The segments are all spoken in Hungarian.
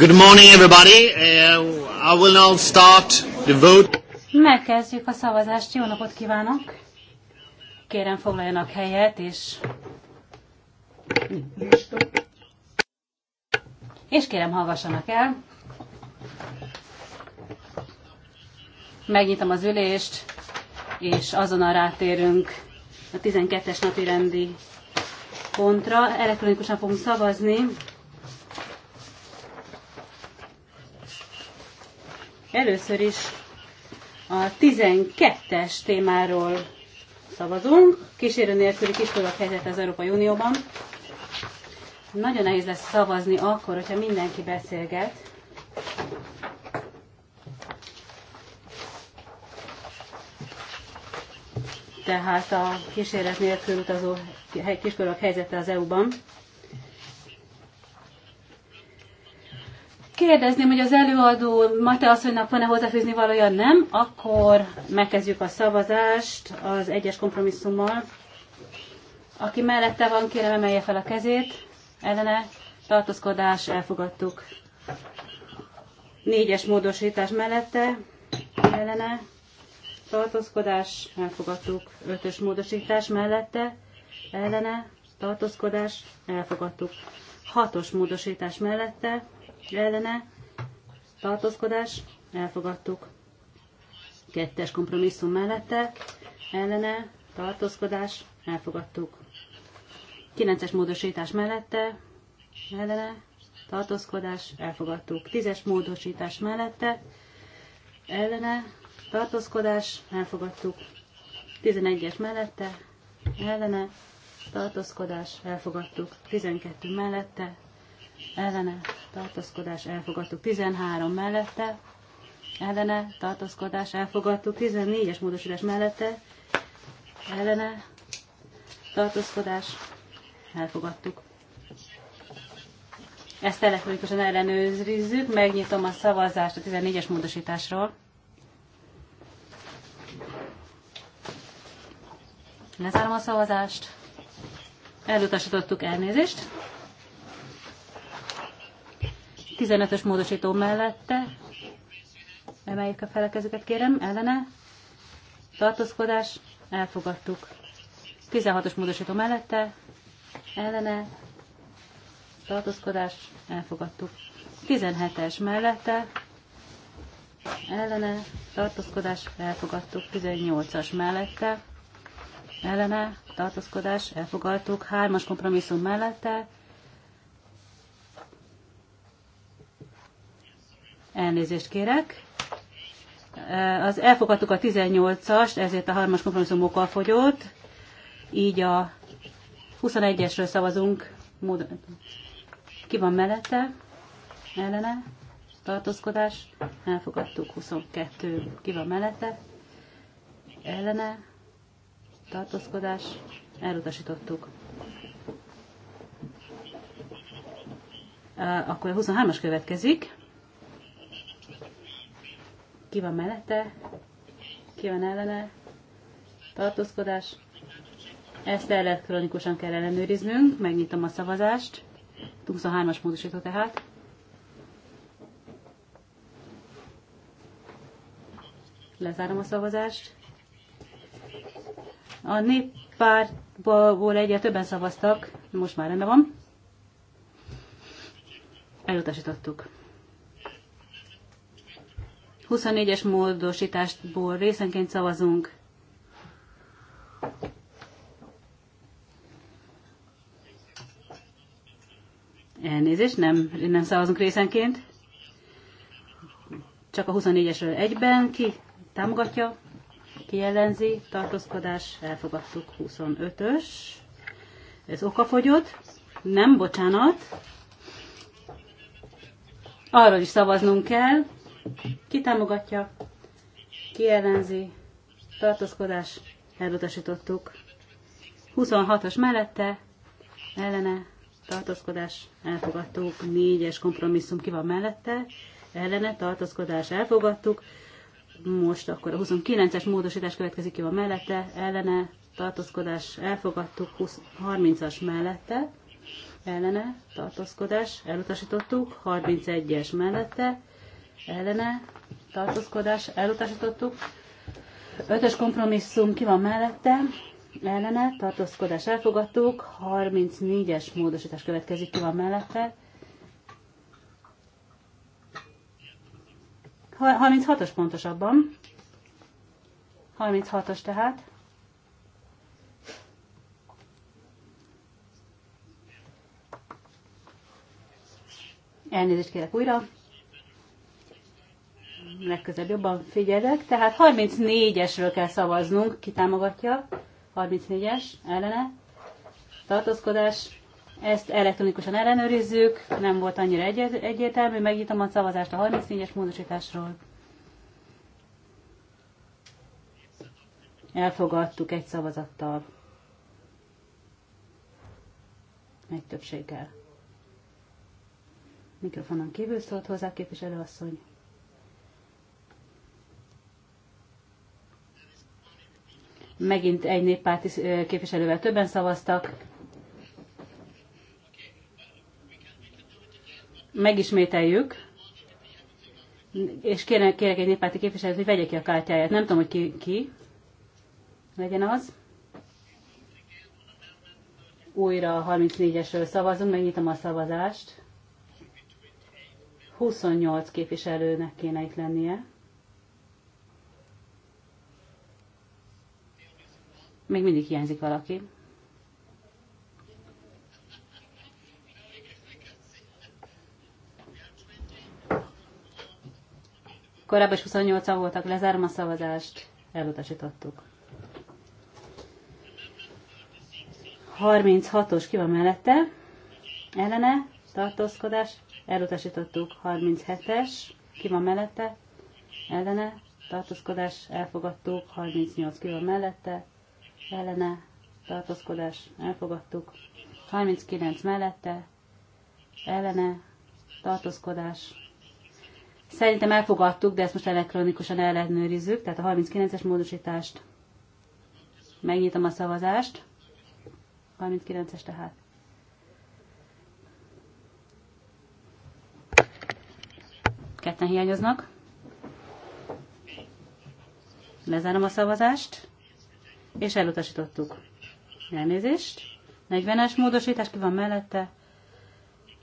Good morning everybody. Uh, I will now start the vote. Megkezdjük a szavazást. Jó napot kívánok! Kérem foglaljanak helyet, és... És kérem hallgassanak el. Megnyitom az ülést, és azonnal rátérünk a 12-es napi rendi pontra. Elektronikusan fogunk szavazni. Először is a 12-es témáról szavazunk. Kísérő nélküli kiskorúak helyzet az Európai Unióban. Nagyon nehéz lesz szavazni akkor, hogyha mindenki beszélget. Tehát a kísérlet nélkül utazó kiskorúak helyzete az EU-ban. Kérdezném, hogy az előadó Mate asszonynak van-e hozzáfűzni valója? Nem. Akkor megkezdjük a szavazást az egyes kompromisszummal. Aki mellette van, kérem emelje fel a kezét. Ellene tartózkodás elfogadtuk. Négyes módosítás mellette ellene tartózkodás elfogadtuk. Ötös módosítás mellette ellene tartózkodás elfogadtuk. Hatos módosítás mellette ellene tartózkodás elfogadtuk. Kettes kompromisszum mellette ellene tartózkodás elfogadtuk. Kilences módosítás mellette ellene tartózkodás elfogadtuk. Tízes módosítás mellette ellene tartózkodás elfogadtuk. 11-es mellette ellene tartózkodás elfogadtuk. 12 mellette ellene tartózkodás elfogadtuk 13 mellette, ellene tartózkodás elfogadtuk 14-es módosítás mellette, ellene tartózkodás elfogadtuk. Ezt elektronikusan ellenőrizzük, megnyitom a szavazást a 14-es módosításról. Lezárom a szavazást. Elutasítottuk elnézést. 15-ös módosító mellette. Emeljük a felekezőket, kérem, ellene. Tartózkodás, elfogadtuk. 16-os módosító mellette, ellene. Tartózkodás, elfogadtuk. 17-es mellette, ellene. Tartózkodás, elfogadtuk. 18-as mellette, ellene. Tartózkodás, elfogadtuk. 3-as kompromisszum mellette, Elnézést kérek. Az elfogadtuk a 18-ast, ezért a harmas kompromisszum okkal fogyott. Így a 21-esről szavazunk. Ki van mellette? Ellene? Tartózkodás? Elfogadtuk. 22. Ki van mellette? Ellene? Tartózkodás? Elutasítottuk. Akkor a 23-as következik. Ki van mellette? Ki van ellene? Tartózkodás. Ezt el lehet kronikusan kell ellenőriznünk. Megnyitom a szavazást. 23-as módosító tehát. Lezárom a szavazást. A néppártból egyre többen szavaztak, most már rendben van. Elutasítottuk. 24-es módosításból részenként szavazunk. Elnézést, nem, nem szavazunk részenként. Csak a 24-esről egyben ki támogatja, ki ellenzi, tartózkodás, elfogadtuk 25-ös. Ez okafogyott. Nem, bocsánat. Arról is szavaznunk kell. Ki támogatja? Ki ellenzi? Tartózkodás. Elutasítottuk. 26-os mellette. Ellene. Tartózkodás. Elfogadtuk. 4-es kompromisszum ki van mellette. Ellene. Tartózkodás. Elfogadtuk. Most akkor a 29-es módosítás következik ki van mellette. Ellene. Tartózkodás. Elfogadtuk. 30-as mellette ellene tartózkodás, elutasítottuk, 31-es mellette ellene tartózkodás elutasítottuk. Ötös kompromisszum ki van mellette, ellene tartózkodás elfogadtuk. 34-es módosítás következik ki van mellette. 36-os pontosabban. 36-os tehát. Elnézést kérek újra legközelebb jobban figyelek. Tehát 34-esről kell szavaznunk. Ki támogatja? 34-es, ellene. Tartózkodás. Ezt elektronikusan ellenőrizzük. Nem volt annyira egy- egyértelmű. Megnyitom a szavazást a 34-es módosításról. Elfogadtuk egy szavazattal. Egy többséggel. Mikrofonon kívül szólt hozzá asszony. megint egy néppárti képviselővel többen szavaztak. Megismételjük, és kérek, kérek egy néppárti képviselőt, hogy vegye ki a kártyáját. Nem tudom, hogy ki, ki legyen az. Újra a 34-esről szavazunk, megnyitom a szavazást. 28 képviselőnek kéne itt lennie. Még mindig hiányzik valaki. Korábban is 28-an voltak, lezárom a szavazást, elutasítottuk. 36-os ki van mellette, ellene, tartózkodás, elutasítottuk 37-es, ki van mellette, ellene, tartózkodás, elfogadtuk, 38 ki van mellette, ellene tartózkodás elfogadtuk, 39 mellette ellene tartózkodás. Szerintem elfogadtuk, de ezt most elektronikusan ellenőrizzük, tehát a 39-es módosítást. Megnyitom a szavazást. 39-es tehát. Ketten hiányoznak. Lezárom a szavazást és elutasítottuk. Elnézést. 40-es módosítás ki van mellette,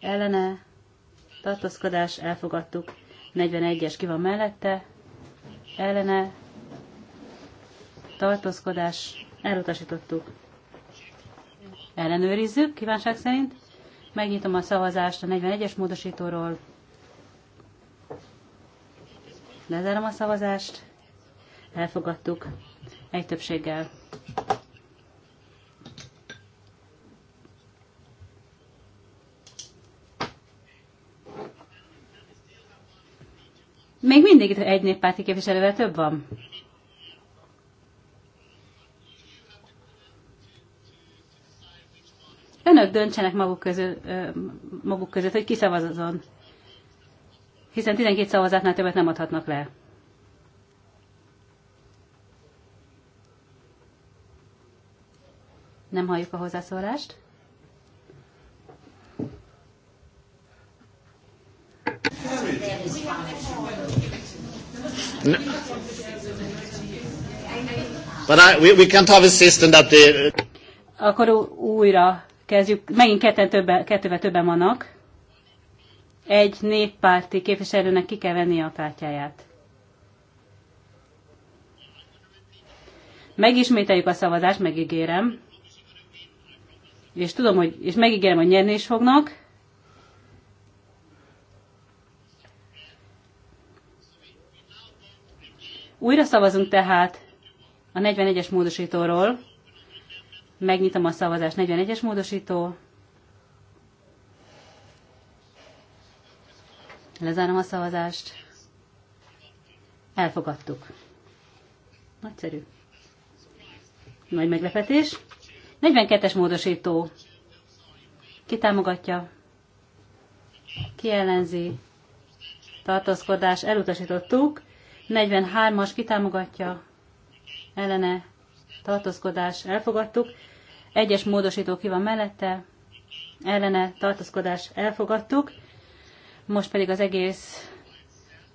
ellene, tartózkodás, elfogadtuk. 41-es ki van mellette, ellene, tartózkodás, elutasítottuk. Ellenőrizzük, kívánság szerint. Megnyitom a szavazást a 41-es módosítóról. Lezárom a szavazást. Elfogadtuk. Egy többséggel. Még mindig egy néppárti képviselővel több van. Önök döntsenek maguk, közül, maguk között, hogy ki szavazzon. Hiszen 12 szavazatnál többet nem adhatnak le. Nem halljuk a hozzászólást. But I, we, we can't have a system that Akkor újra kezdjük. Megint ketten többen, kettővel többen vannak. Egy néppárti képviselőnek ki kell venni a kártyáját. Megismételjük a szavazást, megígérem és tudom, hogy, és megígérem, hogy nyerni is fognak. Újra szavazunk tehát a 41-es módosítóról. Megnyitom a szavazást. 41-es módosító. Lezárom a szavazást. Elfogadtuk. Nagyszerű. Nagy meglepetés. 42-es módosító. Ki támogatja? Ki ellenzi? Tartózkodás elutasítottuk. 43-as ki támogatja? Ellene tartózkodás elfogadtuk. Egyes módosító ki van mellette? Ellene tartózkodás elfogadtuk. Most pedig az egész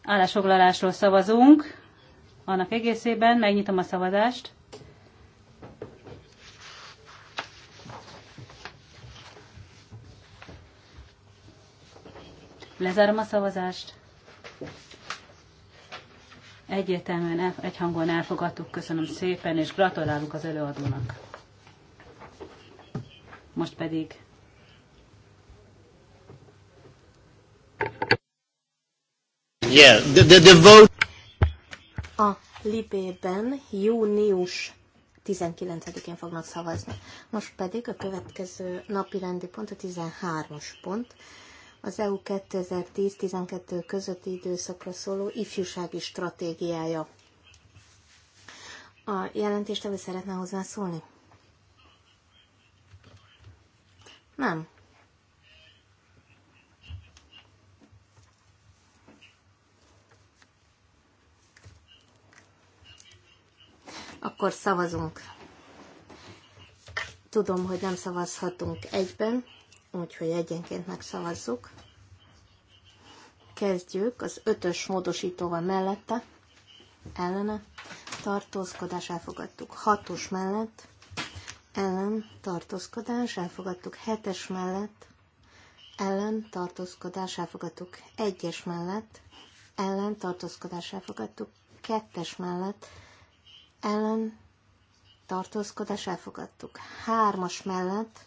állásfoglalásról szavazunk. Annak egészében megnyitom a szavazást. Lezárom a szavazást. Egyértelműen egy hangon elfogadtuk. Köszönöm szépen, és gratulálunk az előadónak. Most pedig Yeah, the, the, the vote... A Libében június 19-én fognak szavazni. Most pedig a következő napi rendi pont, a 13-as pont, az EU 2010-12 közötti időszakra szóló ifjúsági stratégiája. A jelentéstevő szeretne hozzászólni? Nem. Akkor szavazunk. Tudom, hogy nem szavazhatunk egyben, úgyhogy egyenként megszavazzuk. Kezdjük az ötös módosítóval mellette, ellene, tartózkodás elfogadtuk. Hatos mellett, ellen, tartózkodás elfogadtuk. Hetes mellett, ellen, tartózkodás elfogadtuk. Egyes mellett, ellen, tartózkodás elfogadtuk. Kettes mellett, ellen, tartózkodás elfogadtuk. Hármas mellett,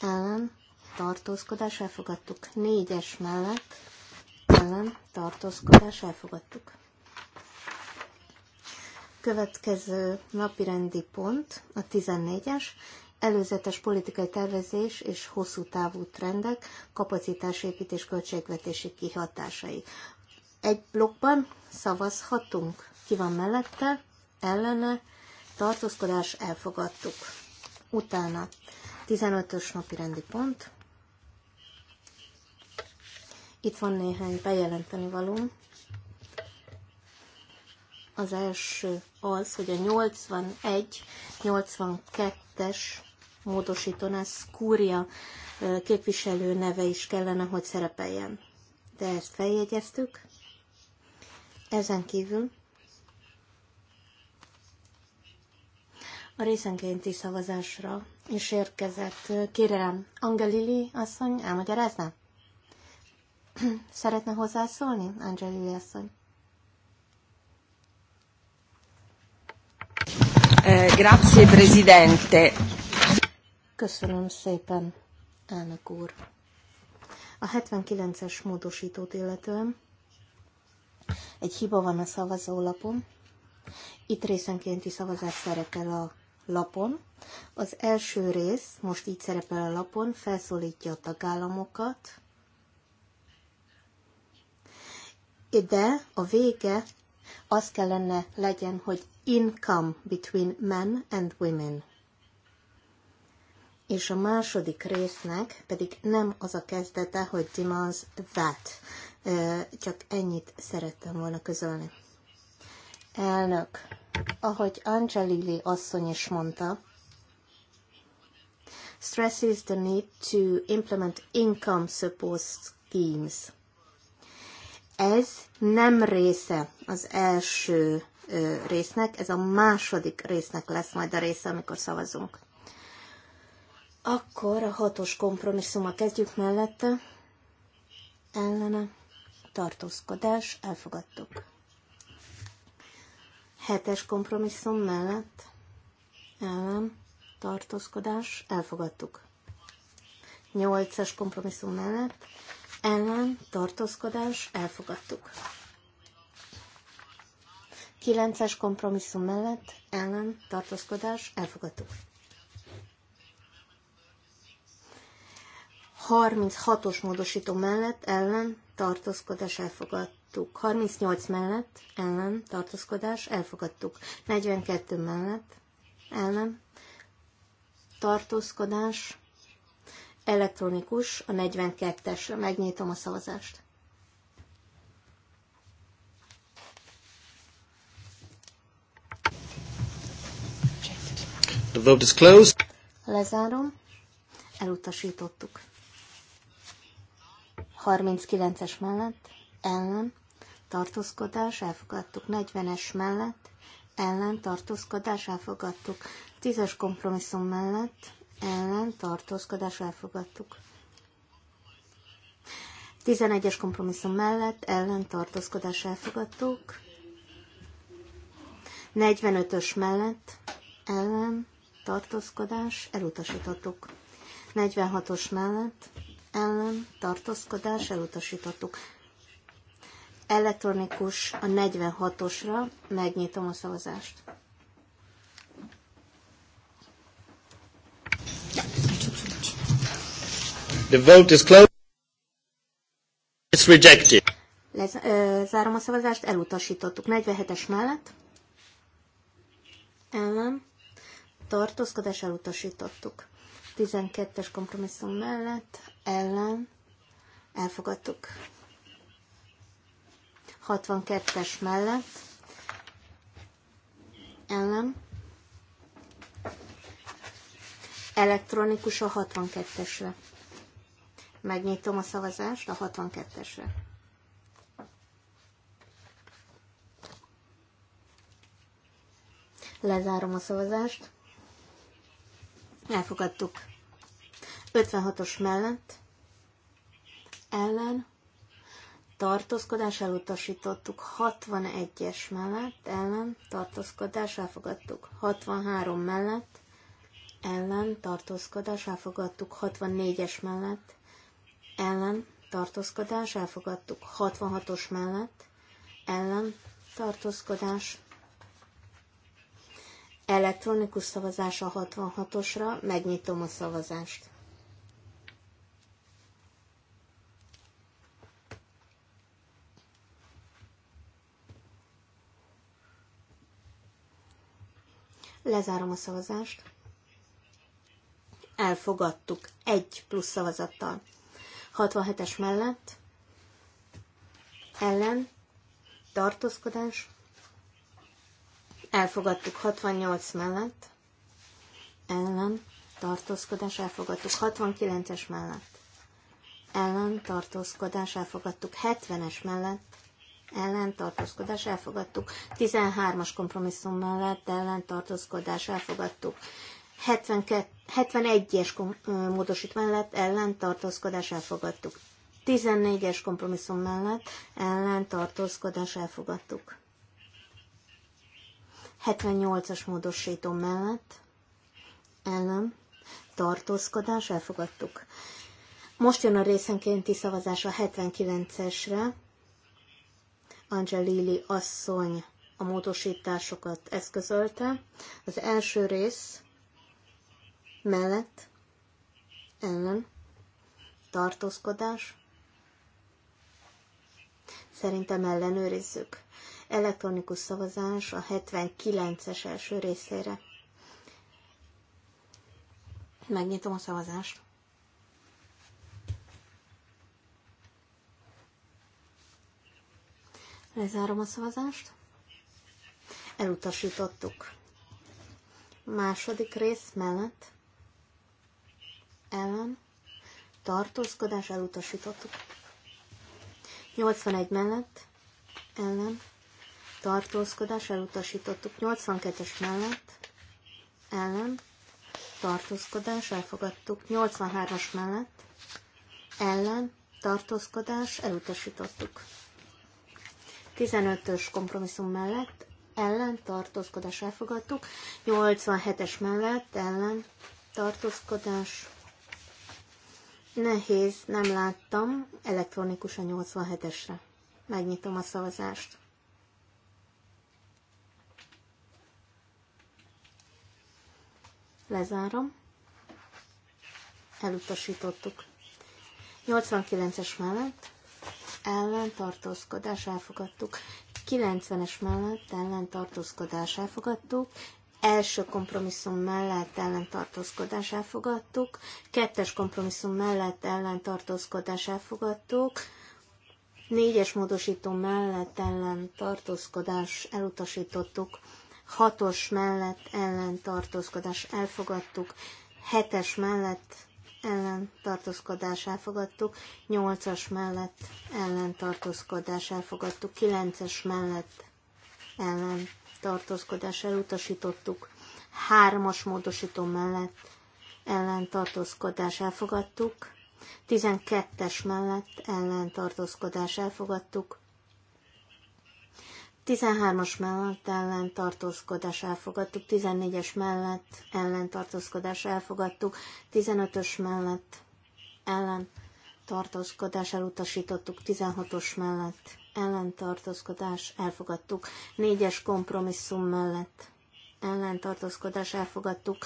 ellen, tartózkodás elfogadtuk. Négyes mellett ellen tartózkodás elfogadtuk. Következő napi rendi pont a 14-es, előzetes politikai tervezés és hosszú távú trendek, kapacitásépítés költségvetési kihatásai. Egy blokkban szavazhatunk, ki van mellette, ellene, tartózkodás elfogadtuk. Utána 15-ös napi rendi pont, itt van néhány bejelenteni valóm. Az első az, hogy a 81-82-es módosítónál Skúria képviselő neve is kellene, hogy szerepeljen. De ezt feljegyeztük. Ezen kívül a részenkénti szavazásra is érkezett. kérelem. Angelili asszony elmagyarázná? Szeretne hozzászólni, Angelili asszony? Eh, grazie, Presidente. Köszönöm szépen, elnök úr. A 79-es módosítót illetően egy hiba van a szavazólapon. Itt részenkénti szavazás szerepel a lapon. Az első rész, most így szerepel a lapon, felszólítja a tagállamokat, de a vége az kellene legyen, hogy income between men and women. És a második résznek pedig nem az a kezdete, hogy demands that. Csak ennyit szerettem volna közölni. Elnök, ahogy Angelili asszony is mondta, stresses the need to implement income support schemes. Ez nem része az első résznek, ez a második résznek lesz majd a része, amikor szavazunk. Akkor a hatos kompromisszummal kezdjük mellette. Ellene tartózkodás, elfogadtuk. Hetes kompromisszum mellett ellen tartózkodás, elfogadtuk. Nyolcas kompromisszum mellett ellen tartózkodás elfogadtuk. kilences kompromisszum mellett ellen tartózkodás elfogadtuk. 36-os módosító mellett ellen tartózkodás elfogadtuk. 38 mellett ellen tartózkodás elfogadtuk. 42 mellett ellen tartózkodás Elektronikus a 42-esre. Megnyitom a szavazást. The vote is closed. Lezárom. Elutasítottuk. 39-es mellett, ellen, tartózkodás, elfogadtuk. 40-es mellett, ellen, tartózkodás, elfogadtuk. 10-es kompromisszum mellett, ellen tartózkodás elfogadtuk. 11-es kompromisszum mellett ellen tartózkodás elfogadtuk. 45-ös mellett ellen tartózkodás elutasítottuk. 46-os mellett ellen tartózkodás elutasítottuk. Elektronikus a 46-osra megnyitom a szavazást. The vote is closed. It's rejected. Lez, ö, zárom a szavazást, elutasítottuk. 47-es mellett. Ellen. Tartózkodás elutasítottuk. 12-es kompromisszum mellett. Ellen. Elfogadtuk. 62-es mellett. Ellen. Elektronikus a 62-esre. Megnyitom a szavazást a 62-esre. Lezárom a szavazást. Elfogadtuk. 56-os mellett ellen tartózkodás elutasítottuk, 61-es mellett ellen tartózkodás elfogadtuk, 63 mellett ellen tartózkodás elfogadtuk, 64-es mellett ellen tartózkodás, elfogadtuk 66-os mellett, ellen tartózkodás, elektronikus szavazás a 66-osra, megnyitom a szavazást. Lezárom a szavazást. Elfogadtuk egy plusz szavazattal. 67-es mellett ellen tartózkodás. Elfogadtuk 68 mellett ellen tartózkodás, elfogadtuk 69-es mellett ellen tartózkodás, elfogadtuk 70-es mellett ellen tartózkodás, elfogadtuk 13-as kompromisszum mellett ellen tartózkodás, elfogadtuk 72 71-es módosítvány mellett ellen tartózkodás elfogadtuk. 14-es kompromisszum mellett ellen tartózkodás elfogadtuk. 78-as módosító mellett ellen tartózkodás elfogadtuk. Most jön a részenkénti szavazás a 79-esre. Angelili asszony a módosításokat eszközölte. Az első rész mellett, ellen, tartózkodás. Szerintem ellenőrizzük. Elektronikus szavazás a 79-es első részére. Megnyitom a szavazást. Lezárom a szavazást. Elutasítottuk. Második rész mellett ellen tartózkodás elutasítottuk. 81 mellett ellen tartózkodás elutasítottuk. 82-es mellett ellen tartózkodás elfogadtuk. 83-as mellett ellen tartózkodás elutasítottuk. 15-ös kompromisszum mellett ellen tartózkodás elfogadtuk, 87-es mellett ellen tartózkodás Nehéz, nem láttam. Elektronikus a 87-esre. Megnyitom a szavazást. Lezárom. Elutasítottuk. 89-es mellett ellen tartózkodás elfogadtuk. 90-es mellett ellen tartózkodás elfogadtuk első kompromisszum mellett ellentartózkodás elfogadtuk, kettes kompromisszum mellett ellentartózkodás elfogadtuk, négyes módosító mellett ellentartózkodás elutasítottuk, hatos mellett ellentartózkodás elfogadtuk, hetes mellett ellentartózkodás elfogadtuk, nyolcas mellett ellentartózkodás elfogadtuk, kilences mellett ellen tartózkodás elutasítottuk. Hármas módosító mellett ellen tartózkodás elfogadtuk. 12-es mellett ellen tartózkodás elfogadtuk. 13-as mellett ellen tartózkodás elfogadtuk, 14-es mellett ellen tartózkodás elfogadtuk, 15-ös mellett ellen tartózkodás elutasítottuk, 16-os mellett ellentartózkodás elfogadtuk. Négyes kompromisszum mellett ellentartózkodás elfogadtuk.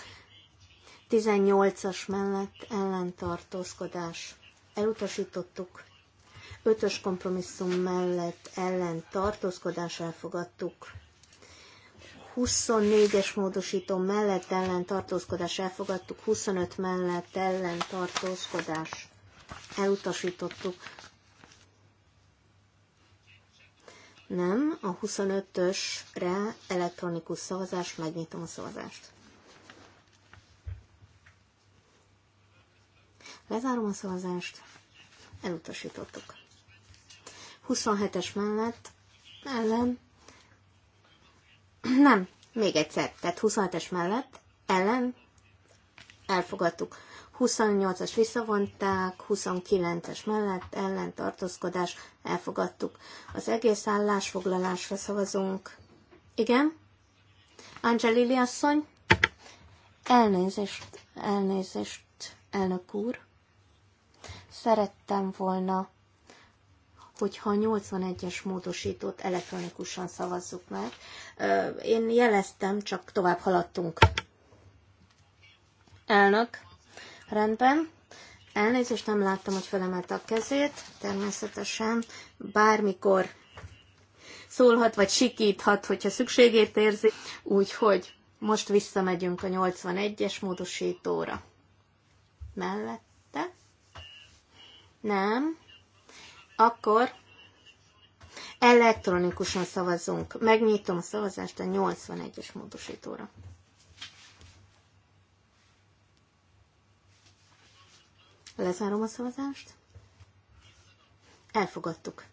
18-as mellett ellentartózkodás elutasítottuk. Ötös kompromisszum mellett ellentartózkodás elfogadtuk. 24-es módosító mellett ellentartózkodás elfogadtuk, 25 mellett ellentartózkodás elutasítottuk, Nem, a 25-ösre elektronikus szavazás, megnyitom a szavazást. Lezárom a szavazást, elutasítottuk. 27-es mellett, ellen, nem, még egyszer, tehát 27-es mellett, ellen, elfogadtuk. 28-as visszavonták, 29-es mellett ellentartózkodás elfogadtuk. Az egész állásfoglalásra szavazunk. Igen? Angelili asszony? Elnézést, elnézést, elnök úr. Szerettem volna, hogyha a 81-es módosítót elektronikusan szavazzuk meg. Én jeleztem, csak tovább haladtunk. Elnök, Rendben. Elnézést, nem láttam, hogy felemelte a kezét. Természetesen bármikor szólhat, vagy sikíthat, hogyha szükségét érzi. Úgyhogy most visszamegyünk a 81-es módosítóra. Mellette? Nem. Akkor elektronikusan szavazunk. Megnyitom a szavazást a 81-es módosítóra. Lezárom a szavazást. Elfogadtuk.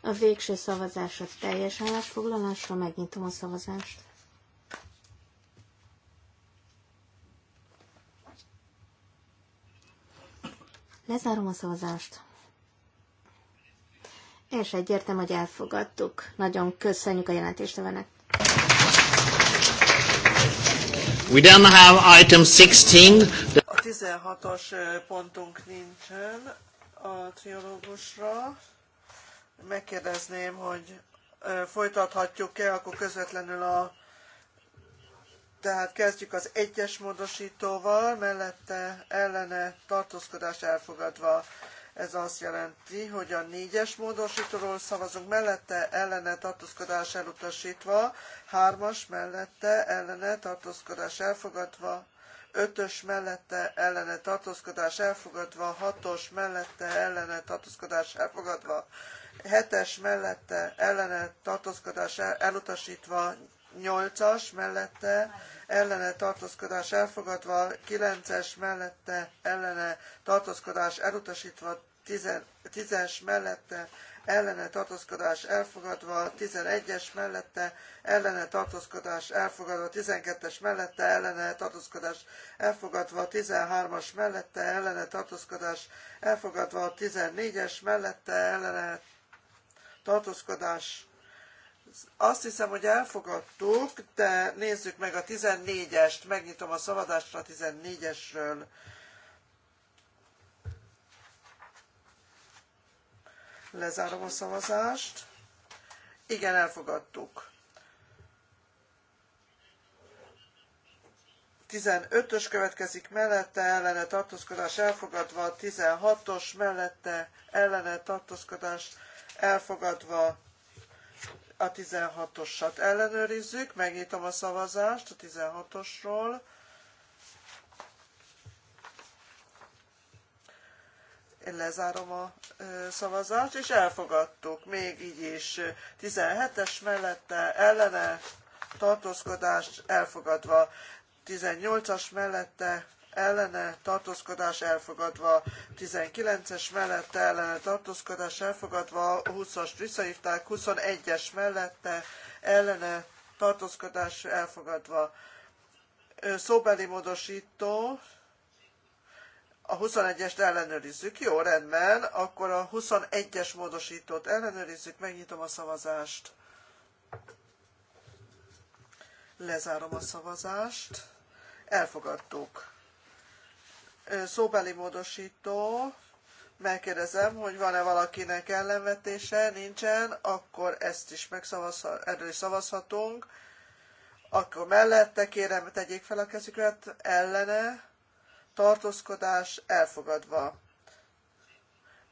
A végső szavazásra teljes állásfoglalásra megnyitom a szavazást. Lezárom a szavazást és egyértem, hogy elfogadtuk. Nagyon köszönjük a jelentéstevenek. We don't have item 16. A 16-os pontunk nincsen a triológusra. Megkérdezném, hogy folytathatjuk-e, akkor közvetlenül a tehát kezdjük az egyes módosítóval, mellette ellene tartózkodás elfogadva. Ez azt jelenti, hogy a négyes módosítóról szavazunk mellette ellene tartózkodás elutasítva, hármas mellette ellene tartózkodás elfogadva, ötös mellette ellene tartózkodás elfogadva, hatos mellette ellene tartózkodás elfogadva, hetes mellette ellene tartózkodás elutasítva, nyolcas mellette ellene tartózkodás elfogadva, kilences mellette ellene tartózkodás elutasítva, 10-es mellette ellene tartózkodás elfogadva, 11-es mellette ellene tartózkodás elfogadva, 12-es mellette ellene tartózkodás elfogadva, 13-as mellette ellene tartózkodás elfogadva, 14-es mellette ellene tartózkodás azt hiszem, hogy elfogadtuk, de nézzük meg a 14-est, megnyitom a szavazást a 14-esről. Lezárom a szavazást. Igen, elfogadtuk. 15-ös következik mellette, ellene tartózkodás elfogadva, 16-os mellette, ellene tartózkodás elfogadva, a 16-osat ellenőrizzük, megnyitom a szavazást a 16-osról, lezárom a szavazást, és elfogadtuk még így is 17-es mellette ellene tartózkodást elfogadva, 18-as mellette ellene tartózkodás elfogadva, 19-es mellette ellene tartózkodás elfogadva, 20-as visszahívták, 21-es mellette ellene tartózkodás elfogadva. Szóbeli módosító, a 21-est ellenőrizzük. Jó, rendben, akkor a 21-es módosítót ellenőrizzük, megnyitom a szavazást. Lezárom a szavazást. Elfogadtuk. Szóbeli módosító. Megkérdezem, hogy van-e valakinek ellenvetése, nincsen, akkor ezt is megszavazhat, erről is szavazhatunk. Akkor mellette kérem, tegyék fel a kezüket, ellene, tartózkodás elfogadva.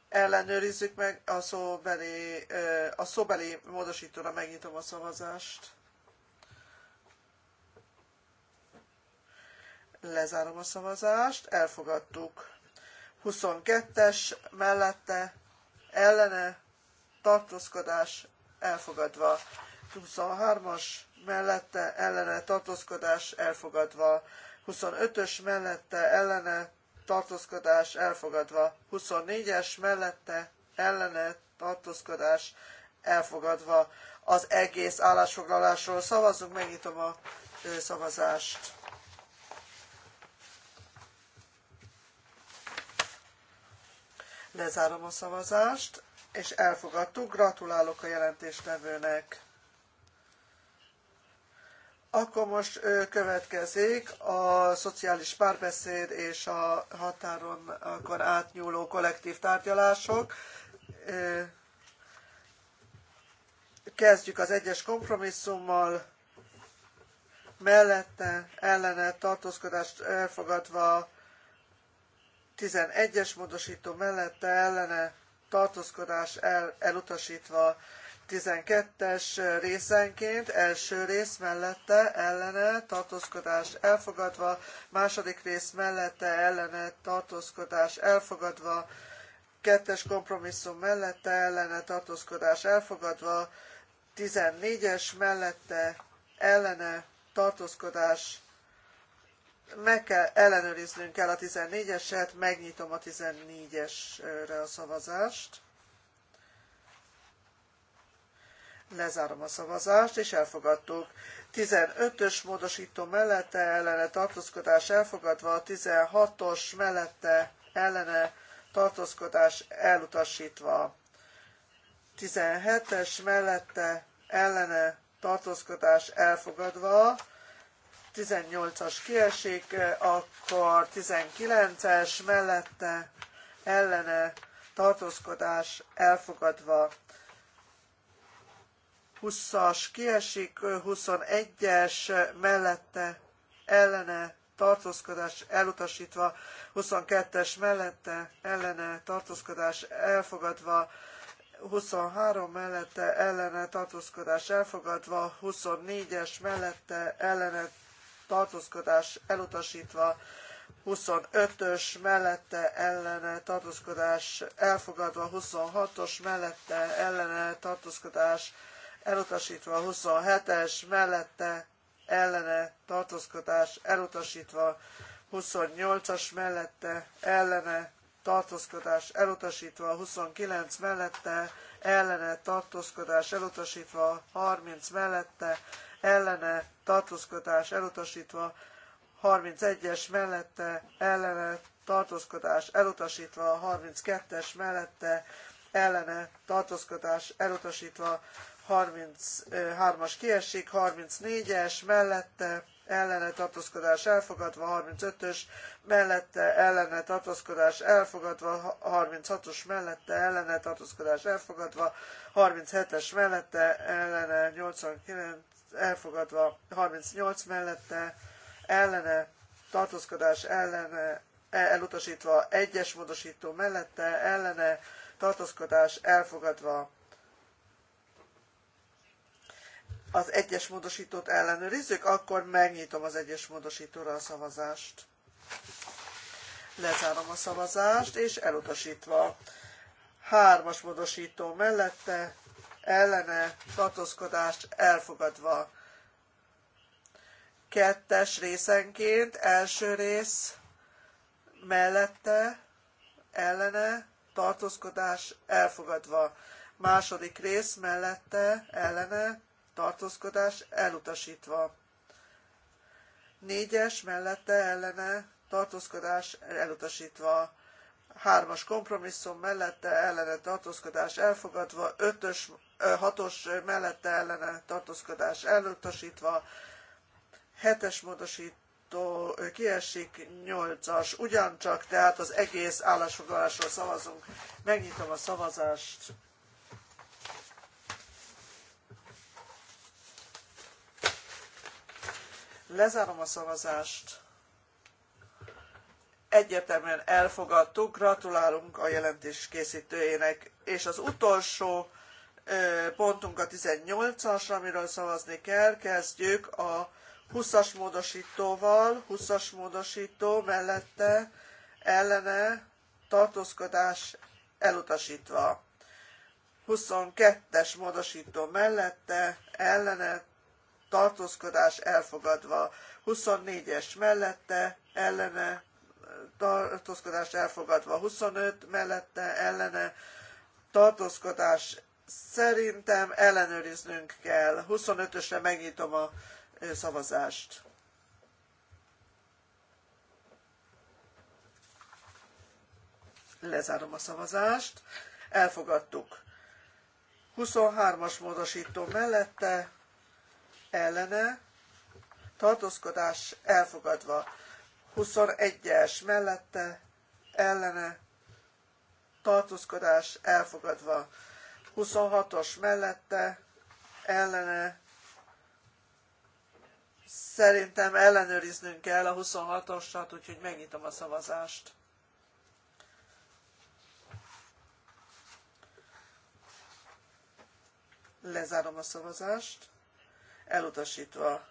Ellenőrizzük meg a szóbeli, a szóbeli módosítóra megnyitom a szavazást. Lezárom a szavazást, elfogadtuk. 22-es mellette ellene tartózkodás elfogadva. 23-as mellette ellene tartózkodás elfogadva. 25-ös mellette ellene tartózkodás elfogadva, 24-es mellette ellene tartózkodás elfogadva. Az egész állásfoglalásról szavazunk, megnyitom a szavazást. Lezárom a szavazást, és elfogadtuk. Gratulálok a jelentéstevőnek! Akkor most következik a szociális párbeszéd és a határon akkor átnyúló kollektív tárgyalások. Kezdjük az egyes kompromisszummal, mellette ellene tartózkodást elfogadva 11-es módosító mellette ellene tartózkodás el, elutasítva 12-es eh, részenként, első rész mellette ellene tartózkodás elfogadva, második rész mellette ellene tartózkodás elfogadva, kettes kompromisszum mellette ellene tartózkodás elfogadva, 14-es mellette ellene tartózkodás meg kell ellenőriznünk kell a 14-eset, megnyitom a 14-esre a szavazást. Lezárom a szavazást, és elfogadtuk. 15-ös módosító mellette ellene tartózkodás elfogadva, 16-os mellette ellene tartózkodás elutasítva. 17-es mellette ellene tartózkodás elfogadva, 18-as kiesik, akkor 19-es mellette ellene tartózkodás elfogadva, 20-as kiesik, 21-es mellette ellene tartózkodás elutasítva, 22-es mellette ellene tartózkodás elfogadva, 23 mellette ellene tartózkodás elfogadva, 24-es mellette ellene tartózkodás elutasítva, 25-ös mellette ellene tartózkodás elfogadva, 26-os mellette ellene tartózkodás elfogadva, elutasítva 27-es, mellette ellene tartózkodás, elutasítva 28-as, mellette ellene tartózkodás, elutasítva 29 mellette ellene tartózkodás, elutasítva 30 mellette ellene tartózkodás, elutasítva 31-es mellette ellene tartózkodás, elutasítva 32-es mellette ellene tartózkodás, elutasítva 33-as kiesik, 34-es mellette ellene tartózkodás elfogadva, 35-ös mellette ellene tartózkodás elfogadva, 36-os mellette ellene tartózkodás elfogadva, 37-es mellette ellene 89 elfogadva, 38 mellette ellene tartózkodás ellene e, elutasítva, 1-es módosító mellette ellene tartózkodás elfogadva. az egyes módosítót ellenőrizzük, akkor megnyitom az egyes módosítóra a szavazást. Lezárom a szavazást, és elutasítva. Hármas módosító mellette, ellene, tartózkodást elfogadva. Kettes részenként, első rész mellette, ellene, tartózkodás elfogadva. Második rész mellette, ellene, tartózkodás elutasítva. Négyes mellette ellene tartózkodás elutasítva. Hármas kompromisszum mellette ellene tartózkodás elfogadva. Ötös, hatos mellette ellene tartózkodás elutasítva. Hetes módosít kiesik 8-as, ugyancsak tehát az egész állásfoglalásról szavazunk. Megnyitom a szavazást. Lezárom a szavazást. Egyértelműen elfogadtuk, gratulálunk a jelentés készítőjének. És az utolsó pontunk a 18-as, amiről szavazni kell. Kezdjük a 20-as módosítóval, 20-as módosító mellette ellene tartózkodás elutasítva. 22-es módosító mellette ellene tartózkodás elfogadva. 24-es mellette, ellene, tartózkodás elfogadva. 25 mellette, ellene, tartózkodás szerintem ellenőriznünk kell. 25-ösre megnyitom a szavazást. Lezárom a szavazást. Elfogadtuk. 23-as módosító mellette, ellene, tartózkodás elfogadva. 21-es mellette, ellene, tartózkodás elfogadva. 26-os mellette, ellene, szerintem ellenőriznünk kell a 26-osat, úgyhogy megnyitom a szavazást. Lezárom a szavazást elutasítva.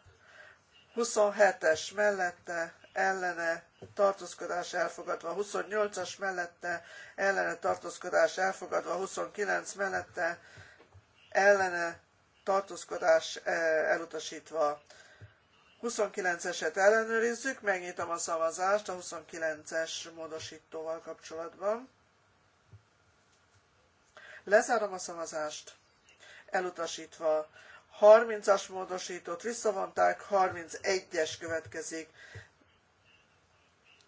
27-es mellette ellene tartózkodás elfogadva, 28-as mellette ellene tartózkodás elfogadva, 29 mellette ellene tartózkodás e, elutasítva. 29-eset ellenőrizzük, megnyitom a szavazást a 29-es módosítóval kapcsolatban. Lezárom a szavazást, elutasítva 30-as módosítót visszavonták, 31-es következik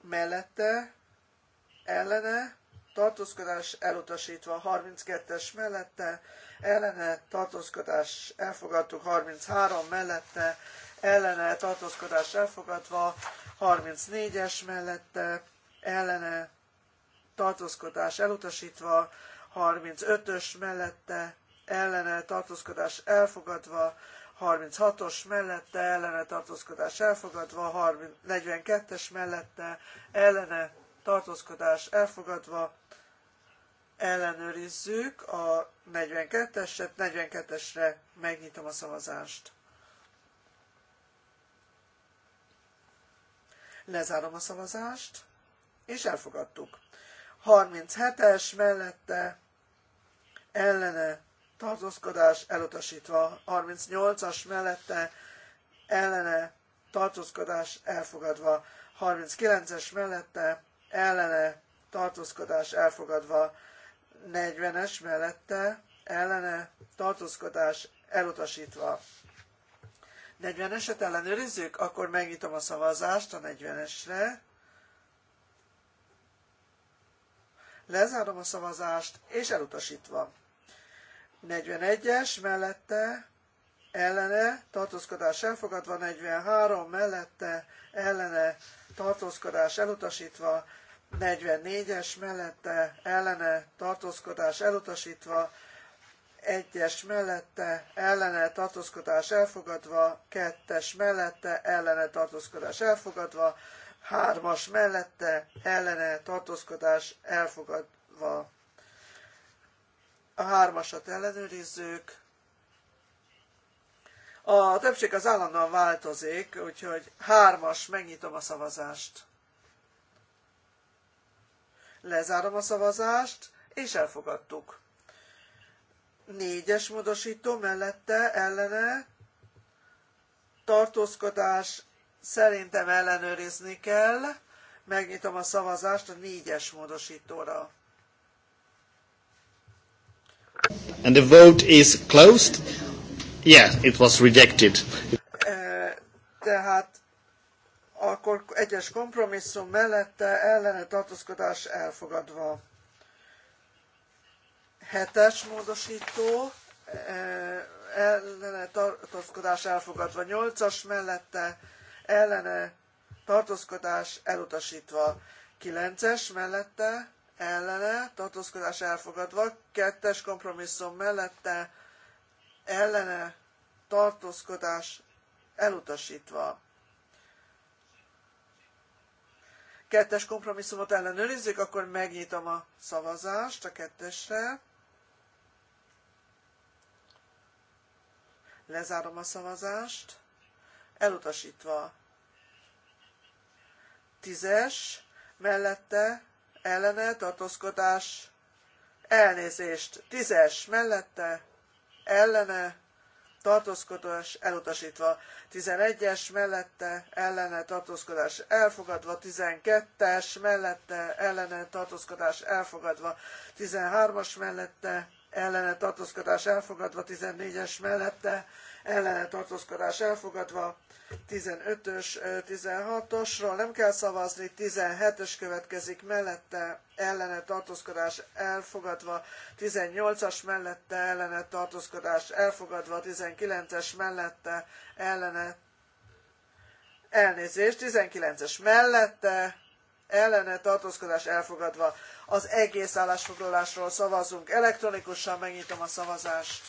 mellette, ellene, tartózkodás elutasítva, 32-es mellette, ellene, tartózkodás elfogadtuk, 33 mellette, ellene, tartózkodás elfogadva, 34-es mellette, ellene, tartózkodás elutasítva, 35-ös mellette, ellene tartózkodás elfogadva, 36-os mellette ellene tartózkodás elfogadva, 42-es mellette ellene tartózkodás elfogadva, ellenőrizzük a 42-eset, 42-esre megnyitom a szavazást. Lezárom a szavazást, és elfogadtuk. 37-es mellette ellene tartózkodás elutasítva, 38-as mellette ellene tartózkodás elfogadva, 39-es mellette ellene tartózkodás elfogadva, 40-es mellette ellene tartózkodás elutasítva. 40-eset ellenőrizzük, akkor megnyitom a szavazást a 40-esre. Lezárom a szavazást, és elutasítva. 41-es mellette ellene tartózkodás elfogadva, 43 mellette ellene tartózkodás elutasítva, 44-es mellette ellene tartózkodás elutasítva, 1-es mellette ellene tartózkodás elfogadva, 2-es mellette ellene tartózkodás elfogadva, 3-as mellette ellene tartózkodás elfogadva. A hármasat ellenőrizzük. A többség az állandóan változik, úgyhogy hármas, megnyitom a szavazást. Lezárom a szavazást, és elfogadtuk. Négyes módosító mellette ellene tartózkodás szerintem ellenőrizni kell. Megnyitom a szavazást a négyes módosítóra. And the vote is closed. Yeah, it was rejected. Tehát akkor egyes kompromisszum mellette ellene tartózkodás elfogadva. Hetes módosító ellene tartózkodás elfogadva. Nyolcas mellette ellene tartózkodás elutasítva. Kilences mellette ellene, tartózkodás elfogadva, kettes kompromisszum mellette, ellene, tartózkodás elutasítva. Kettes kompromisszumot ellenőrizzük, akkor megnyitom a szavazást a kettesre. Lezárom a szavazást. Elutasítva. Tízes, mellette ellene tartózkodás elnézést. Tízes mellette ellene tartózkodás elutasítva. tizenegyes mellette ellene tartózkodás elfogadva, 12 mellette ellene tartózkodás elfogadva, 13 mellette ellene tartózkodás elfogadva, tizennégyes mellette ellene tartózkodás elfogadva, 15-ös, 16-osról nem kell szavazni, 17-ös következik mellette, ellene tartózkodás elfogadva, 18-as mellette ellene tartózkodás elfogadva, 19-es mellette ellene elnézést, 19-es mellette ellene tartózkodás elfogadva. Az egész állásfoglalásról szavazunk elektronikusan, megnyitom a szavazást.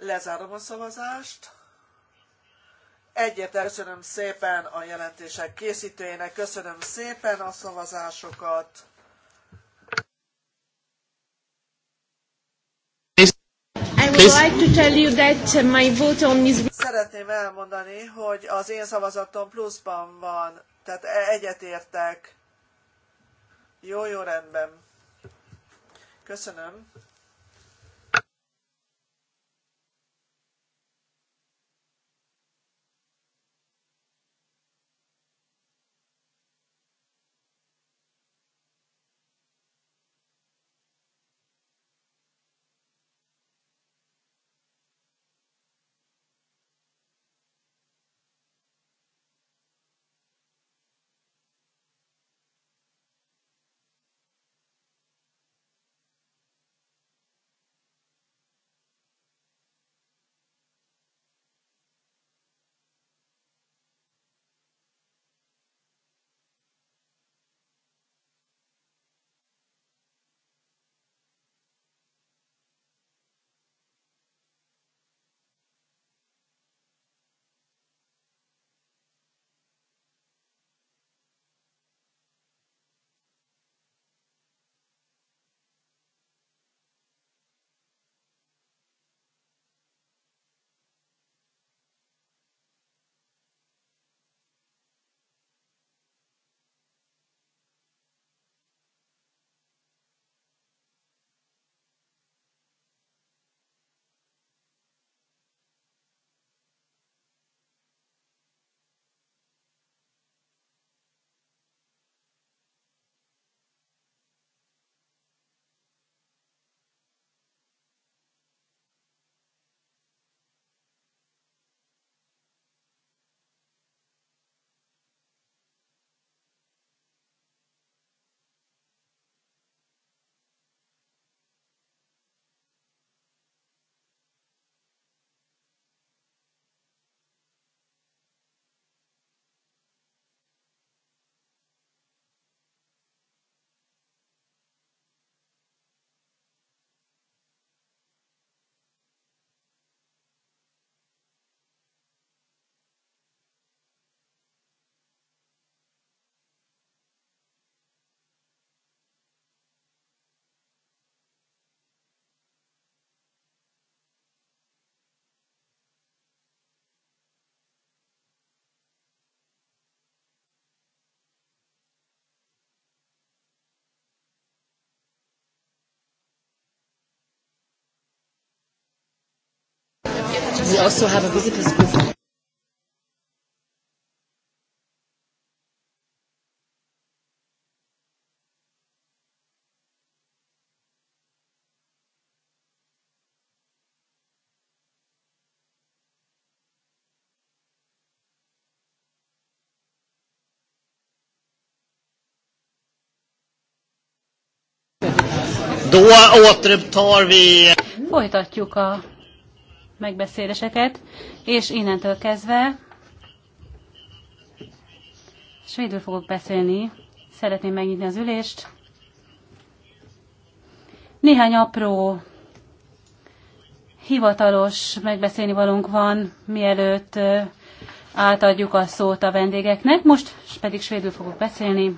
Lezárom a szavazást. Egyet köszönöm szépen a jelentések készítőjének, köszönöm szépen a szavazásokat. Szeretném elmondani, hogy az én szavazatom pluszban van, tehát e- egyetértek. Jó, jó, rendben. Köszönöm. we also have a visitors group. Då återupptar vi... Folytatjuk a megbeszéléseket, és innentől kezdve svédül fogok beszélni. Szeretném megnyitni az ülést. Néhány apró hivatalos megbeszélni valunk van, mielőtt átadjuk a szót a vendégeknek. Most pedig svédül fogok beszélni.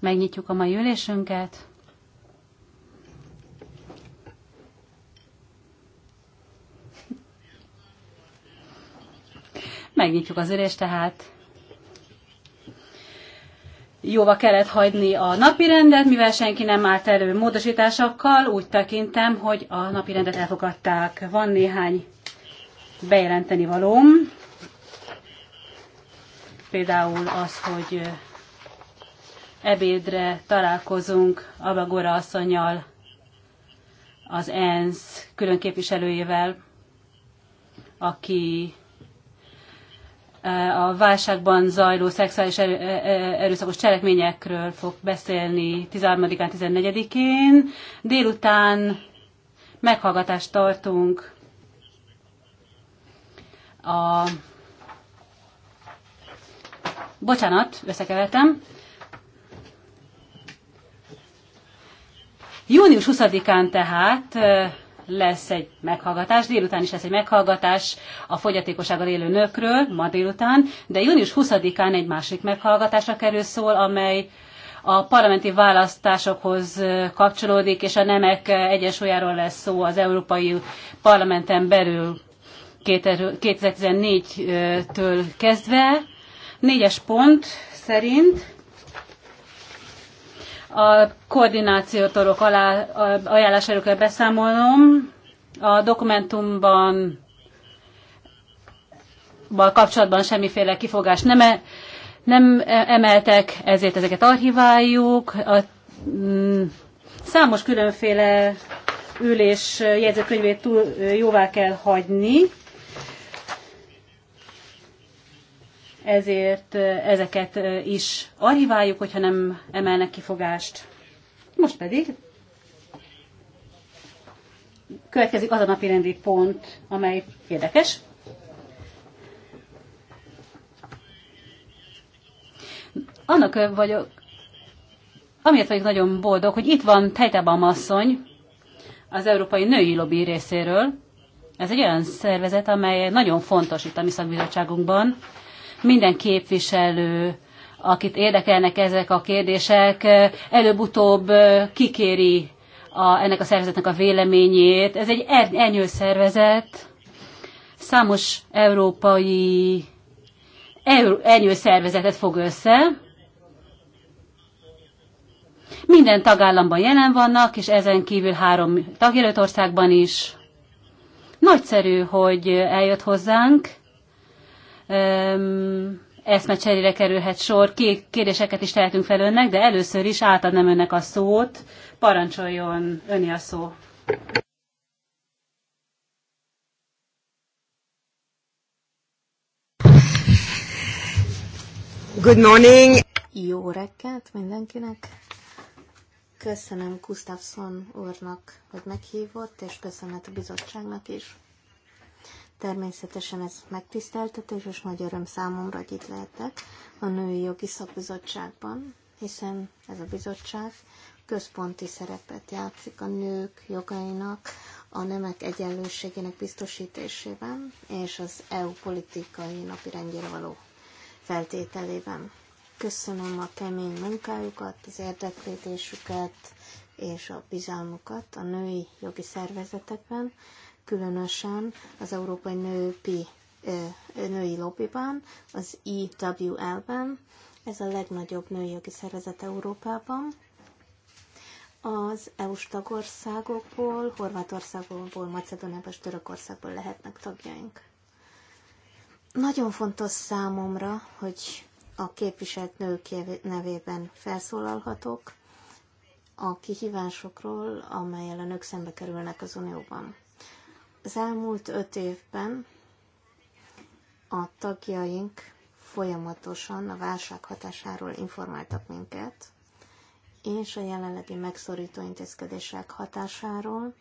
Megnyitjuk a mai ülésünket. Megnyitjuk az ülést, tehát jóva kellett hagyni a napirendet, mivel senki nem állt elő módosításokkal, úgy tekintem, hogy a napirendet elfogadták. Van néhány bejelenteni valóm, például az, hogy ebédre találkozunk Abagora asszonyjal, az ENSZ külön képviselőjével, aki a válságban zajló szexuális er- er- er- erőszakos cselekményekről fog beszélni 13-án, 14-én. Délután meghallgatást tartunk a... Bocsánat, összekevertem. Június 20-án tehát lesz egy meghallgatás, délután is lesz egy meghallgatás a fogyatékossággal élő nőkről, ma délután, de június 20-án egy másik meghallgatásra kerül szól, amely a parlamenti választásokhoz kapcsolódik, és a nemek egyensúlyáról lesz szó az Európai Parlamenten belül 2014-től kezdve. Négyes pont szerint a koordinációtorok alá, ajánlásáról kell beszámolnom. A dokumentumban kapcsolatban semmiféle kifogás nem, e, nem e, emeltek, ezért ezeket archiváljuk. A, mm, számos különféle ülés jegyzőkönyvét túl, jóvá kell hagyni. ezért ezeket is archiváljuk, hogyha nem emelnek kifogást. Most pedig következik az a napi rendi pont, amely érdekes. Annak vagyok, amiért vagyok nagyon boldog, hogy itt van Tejtában asszony az Európai Női Lobby részéről. Ez egy olyan szervezet, amely nagyon fontos itt a mi szakbizottságunkban, minden képviselő, akit érdekelnek ezek a kérdések, előbb-utóbb kikéri a, ennek a szervezetnek a véleményét. Ez egy er-, ernyő szervezet, számos európai er-, ernyő szervezetet fog össze. Minden tagállamban jelen vannak, és ezen kívül három tagjelölt országban is. Nagyszerű, hogy eljött hozzánk eszmecserére kerülhet sor. Kérdéseket is tehetünk fel önnek, de először is átadnám önnek a szót. Parancsoljon öni a szó. Good morning! Jó reggelt mindenkinek! Köszönöm Gustafsson úrnak, hogy meghívott, és köszönet a bizottságnak is. Természetesen ez megtiszteltetés, és nagy öröm számomra, hogy itt lehetek a Női Jogi Szakbizottságban, hiszen ez a bizottság központi szerepet játszik a nők jogainak, a nemek egyenlőségének biztosításában és az EU politikai napirendjére való feltételében. Köszönöm a kemény munkájukat, az érdeklődésüket és a bizalmukat a női jogi szervezetekben, különösen az Európai Nőpi, Női Lobbyban, az EWL-ben, ez a legnagyobb női jogi szervezet Európában. Az EU-s tagországokból, Horvátországból, Macedóniából és Törökországból lehetnek tagjaink. Nagyon fontos számomra, hogy a képviselt nők nevében felszólalhatok a kihívásokról, amelyel a nők szembe kerülnek az Unióban. Az elmúlt öt évben a tagjaink folyamatosan a válság hatásáról informáltak minket, és a jelenlegi megszorító intézkedések hatásáról,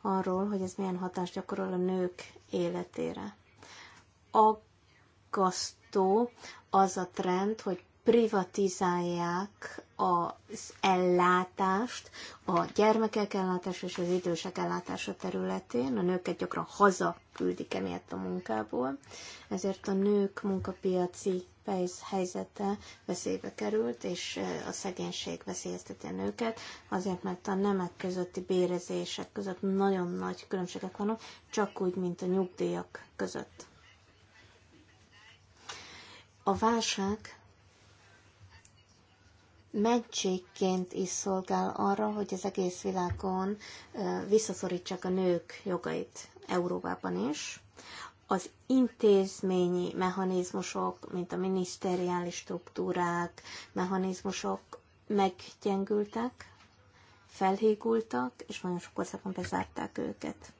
arról, hogy ez milyen hatást gyakorol a nők életére. Aggasztó az a trend, hogy privatizálják az ellátást, a gyermekek ellátása és az idősek ellátása területén. A nőket gyakran haza küldik emiatt a munkából, ezért a nők munkapiaci helyzete veszélybe került, és a szegénység veszélyezteti a nőket, azért mert a nemek közötti bérezések között nagyon nagy különbségek vannak, csak úgy, mint a nyugdíjak között. A válság mentségként is szolgál arra, hogy az egész világon visszaszorítsák a nők jogait Európában is. Az intézményi mechanizmusok, mint a miniszteriális struktúrák, mechanizmusok meggyengültek, felhígultak, és nagyon sok országban bezárták őket.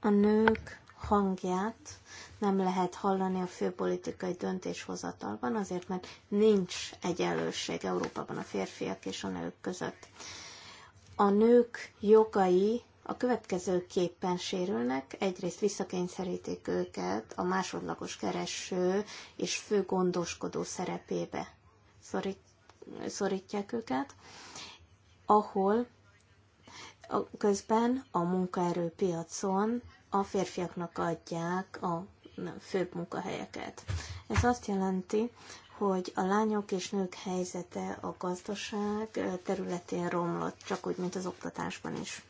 A nők hangját nem lehet hallani a főpolitikai döntéshozatalban, azért mert nincs egyenlőség Európában a férfiak és a nők között. A nők jogai a következőképpen sérülnek, egyrészt visszakényszerítik őket a másodlagos kereső és fő gondoskodó szerepébe szorítják őket, ahol közben a munkaerőpiacon a férfiaknak adják a főbb munkahelyeket. Ez azt jelenti, hogy a lányok és nők helyzete a gazdaság területén romlott, csak úgy, mint az oktatásban is.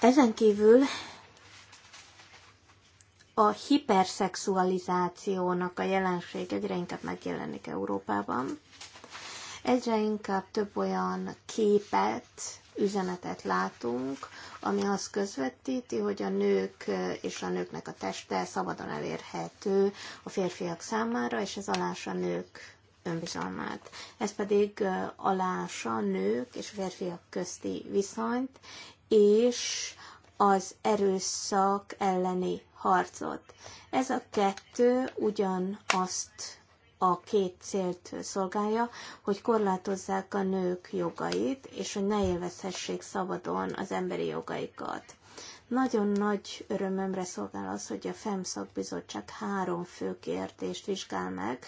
Ezen kívül a hiperszexualizációnak a jelenség egyre inkább megjelenik Európában. Egyre inkább több olyan képet üzenetet látunk, ami azt közvetíti, hogy a nők és a nőknek a teste szabadon elérhető a férfiak számára, és ez alása nők önbizalmát. Ez pedig alása a nők és a férfiak közti viszonyt, és az erőszak elleni harcot. Ez a kettő ugyanazt a két célt szolgálja, hogy korlátozzák a nők jogait, és hogy ne élvezhessék szabadon az emberi jogaikat. Nagyon nagy örömömre szolgál az, hogy a FEM szakbizottság három fő kérdést vizsgál meg,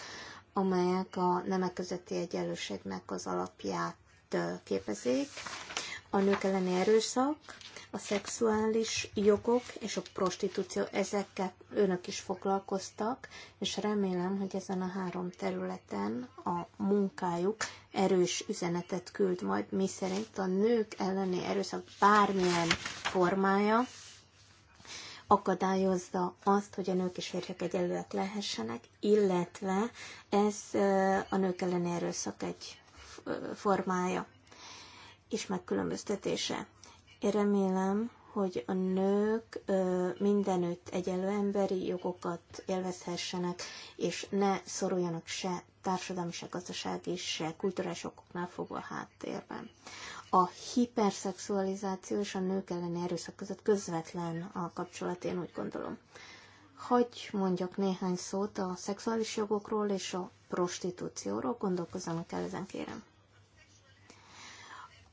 amelyek a nemek közötti egyenlőségnek az alapját képezik. A nők elleni erőszak, a szexuális jogok és a prostitúció, ezekkel önök is foglalkoztak, és remélem, hogy ezen a három területen a munkájuk erős üzenetet küld majd, mi szerint a nők elleni erőszak bármilyen formája akadályozza azt, hogy a nők és férjek egyenlőek lehessenek, illetve ez a nők elleni erőszak egy formája és megkülönböztetése. Én remélem, hogy a nők mindenütt egyenlő emberi jogokat élvezhessenek, és ne szoruljanak se társadalmi, se gazdasági, se kulturális okoknál fogva a háttérben. A hiperszexualizáció és a nők elleni erőszak között közvetlen a kapcsolat, én úgy gondolom. Hogy mondjak néhány szót a szexuális jogokról és a prostitúcióról, gondolkozzanak el ezen kérem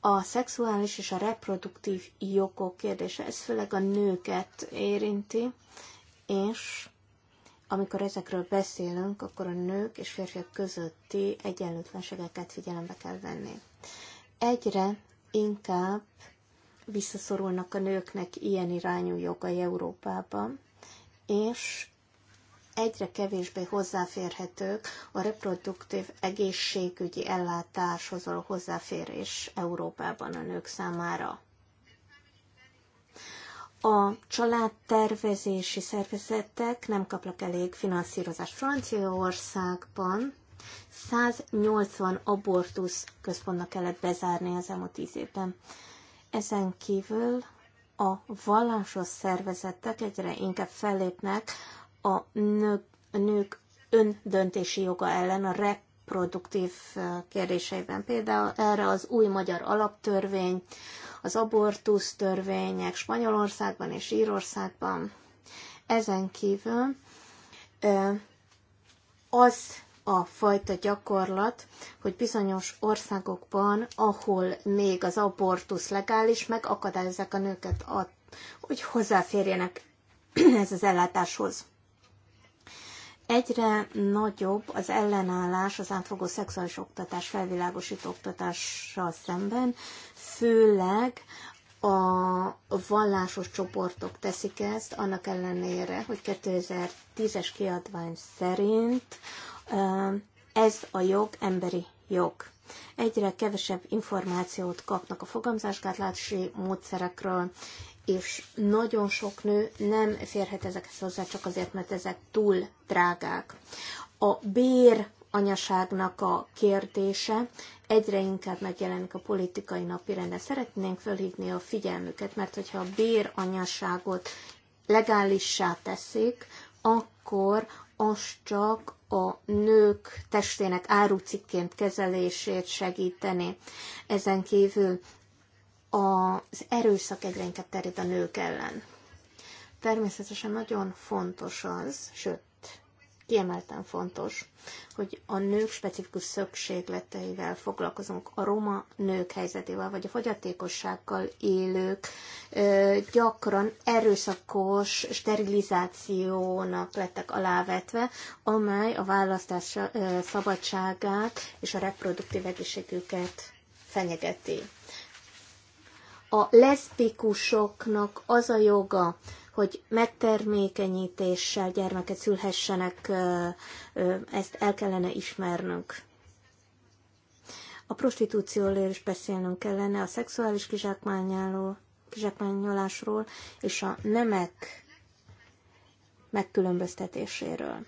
a szexuális és a reproduktív jogok kérdése, ez főleg a nőket érinti, és amikor ezekről beszélünk, akkor a nők és férfiak közötti egyenlőtlenségeket figyelembe kell venni. Egyre inkább visszaszorulnak a nőknek ilyen irányú jogai Európában, és egyre kevésbé hozzáférhetők a reproduktív egészségügyi ellátáshoz való hozzáférés Európában a nők számára. A családtervezési szervezetek nem kapnak elég finanszírozást Franciaországban. 180 abortusz központnak kellett bezárni az elmúlt 10 évben. Ezen kívül a vallásos szervezetek egyre inkább fellépnek a nők, a nők öndöntési joga ellen a reproduktív kérdéseiben. Például erre az új magyar alaptörvény, az abortusz törvények Spanyolországban és Írországban. Ezen kívül az a fajta gyakorlat, hogy bizonyos országokban, ahol még az abortusz legális, megakadályozzák a nőket, hogy hozzáférjenek ez az ellátáshoz. Egyre nagyobb az ellenállás az átfogó szexuális oktatás, felvilágosító oktatással szemben, főleg a vallásos csoportok teszik ezt, annak ellenére, hogy 2010-es kiadvány szerint um, ez a jog emberi jog. Egyre kevesebb információt kapnak a fogamzásgátlási módszerekről, és nagyon sok nő nem férhet ezekhez hozzá, csak azért, mert ezek túl drágák. A bér anyaságnak a kérdése egyre inkább megjelenik a politikai napirenden. Szeretnénk fölhívni a figyelmüket, mert hogyha a anyaságot legálissá teszik, akkor az csak a nők testének árucikként kezelését segíteni. Ezen kívül az erőszak egyre inkább terjed a nők ellen. Természetesen nagyon fontos az, sőt, kiemelten fontos, hogy a nők specifikus szükségleteivel foglalkozunk, a roma nők helyzetével, vagy a fogyatékossággal élők gyakran erőszakos sterilizációnak lettek alávetve, amely a választás szabadságát és a reproduktív egészségüket fenyegeti a leszbikusoknak az a joga, hogy megtermékenyítéssel gyermeket szülhessenek, ezt el kellene ismernünk. A prostitúcióról is beszélnünk kellene, a szexuális kizsákmányolásról és a nemek megkülönböztetéséről.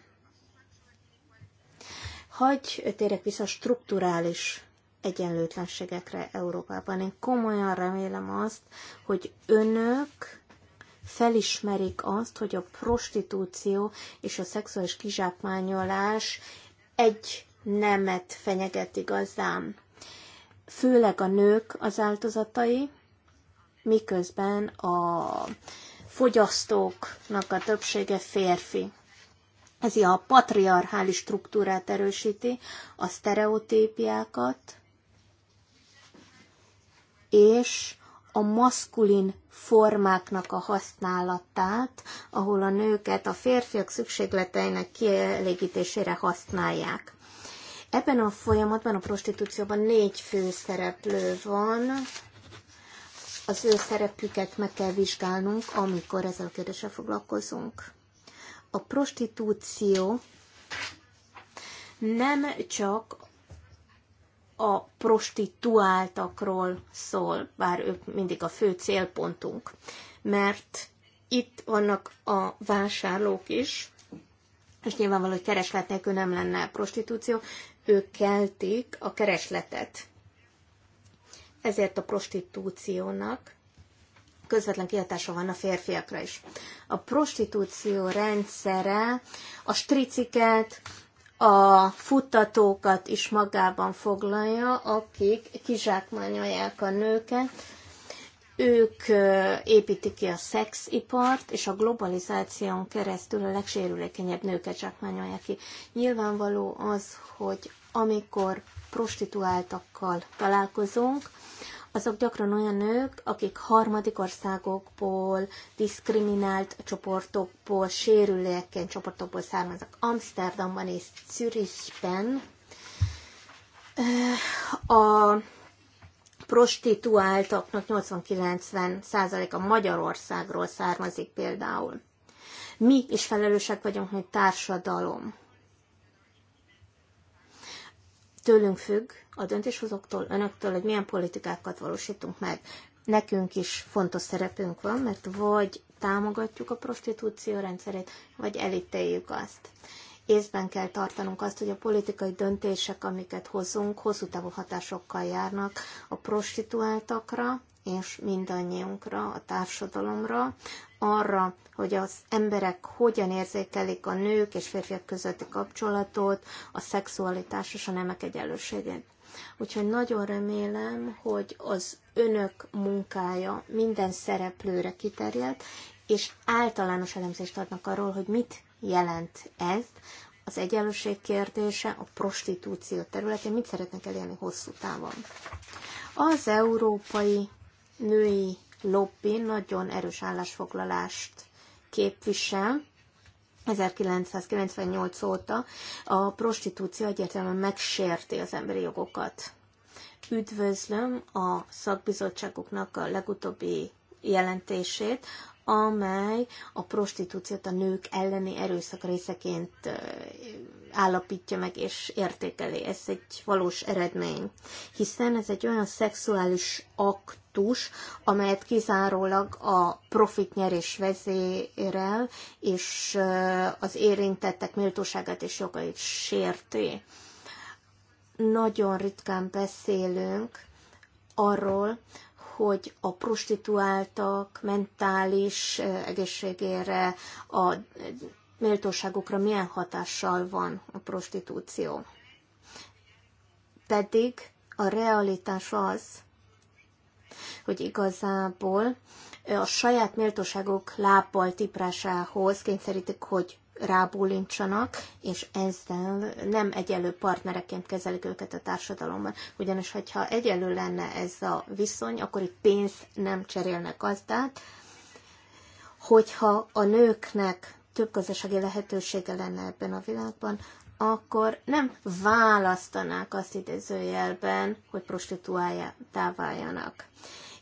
Hagy térek vissza a strukturális egyenlőtlenségekre Európában. Én komolyan remélem azt, hogy önök felismerik azt, hogy a prostitúció és a szexuális kizsákmányolás egy nemet fenyeget igazán. Főleg a nők az áldozatai, miközben a fogyasztóknak a többsége férfi. Ez a patriarchális struktúrát erősíti, a sztereotípiákat, és a maszkulin formáknak a használatát, ahol a nőket a férfiak szükségleteinek kielégítésére használják. Ebben a folyamatban, a prostitúcióban négy fő szereplő van, az ő szerepüket meg kell vizsgálnunk, amikor ezzel a kérdéssel foglalkozunk. A prostitúció nem csak a prostituáltakról szól, bár ők mindig a fő célpontunk, mert itt vannak a vásárlók is, és nyilvánvaló, hogy kereslet nélkül nem lenne prostitúció, ők keltik a keresletet. Ezért a prostitúciónak közvetlen kihatása van a férfiakra is. A prostitúció rendszere a striciket, a futtatókat is magában foglalja, akik kizsákmányolják a nőket, ők építik ki a szexipart, és a globalizáción keresztül a legsérülékenyebb nőket zsákmányolják ki. Nyilvánvaló az, hogy amikor prostituáltakkal találkozunk, azok gyakran olyan nők, akik harmadik országokból, diszkriminált csoportokból, sérülékeny csoportokból származnak. Amsterdamban és Zürichben eh, a prostituáltaknak 80-90 a Magyarországról származik például. Mi is felelősek vagyunk, mint társadalom tőlünk függ, a döntéshozóktól, önöktől, hogy milyen politikákat valósítunk meg. Nekünk is fontos szerepünk van, mert vagy támogatjuk a prostitúció rendszerét, vagy elítéljük azt. Észben kell tartanunk azt, hogy a politikai döntések, amiket hozunk, hosszú távú hatásokkal járnak a prostituáltakra, és mindannyiunkra, a társadalomra, arra, hogy az emberek hogyan érzékelik a nők és férfiak közötti kapcsolatot, a szexualitás és a nemek egyenlőségét. Úgyhogy nagyon remélem, hogy az önök munkája minden szereplőre kiterjed, és általános elemzést adnak arról, hogy mit jelent ez, az egyenlőség kérdése, a prostitúció területén, mit szeretnek elérni hosszú távon. Az európai női Loppi, nagyon erős állásfoglalást képvisel, 1998 óta a prostitúció egyértelműen megsérti az emberi jogokat. Üdvözlöm a szakbizottságoknak a legutóbbi jelentését, amely a prostitúciót a nők elleni erőszak részeként állapítja meg és értékeli. Ez egy valós eredmény, hiszen ez egy olyan szexuális akt, aktus, amelyet kizárólag a nyerés vezérel, és az érintettek méltóságát és jogait sérti. Nagyon ritkán beszélünk arról, hogy a prostituáltak mentális egészségére, a méltóságukra milyen hatással van a prostitúció. Pedig a realitás az, hogy igazából a saját méltóságok lábbal tiprásához kényszerítik, hogy rábólintsanak, és ezzel nem egyelő partnereként kezelik őket a társadalomban. Ugyanis, hogyha egyelő lenne ez a viszony, akkor itt pénz nem cserélnek gazdát, hogyha a nőknek több gazdasági lehetősége lenne ebben a világban, akkor nem választanák azt idézőjelben, hogy prostituáljá váljanak.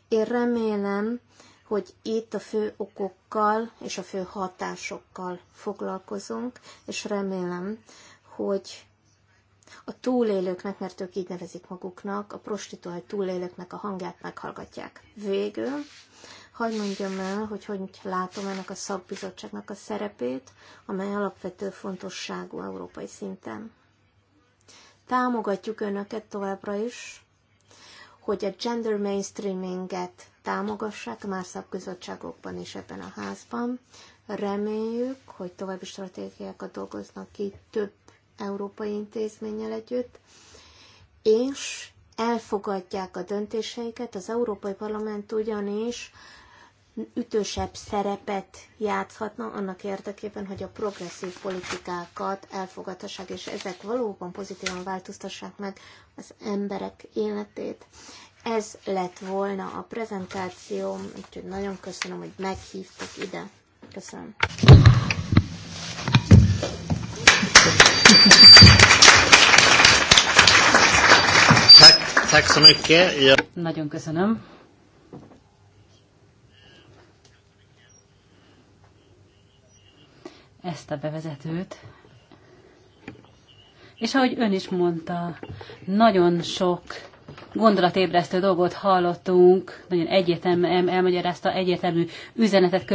Én remélem, hogy itt a fő okokkal és a fő hatásokkal foglalkozunk, és remélem, hogy a túlélőknek, mert ők így nevezik maguknak, a prostituált túlélőknek a hangját meghallgatják. Végül hagyd mondjam el, hogy hogy látom ennek a szakbizottságnak a szerepét, amely alapvető fontosságú európai szinten. Támogatjuk Önöket továbbra is, hogy a gender mainstreaminget támogassák már szakbizottságokban is ebben a házban. Reméljük, hogy további stratégiákat dolgoznak ki több európai intézménnyel együtt, és elfogadják a döntéseiket. Az Európai Parlament ugyanis ütősebb szerepet játszhatna annak érdekében, hogy a progresszív politikákat elfogadhassák, és ezek valóban pozitívan változtassák meg az emberek életét. Ez lett volna a prezentációm, úgyhogy nagyon köszönöm, hogy meghívtak ide. Köszönöm. Tack, tack Nagyon köszönöm. ezt a bevezetőt. És ahogy ön is mondta, nagyon sok gondolatébresztő dolgot hallottunk, nagyon egyetem, elmagyarázta, egyetemű üzenetet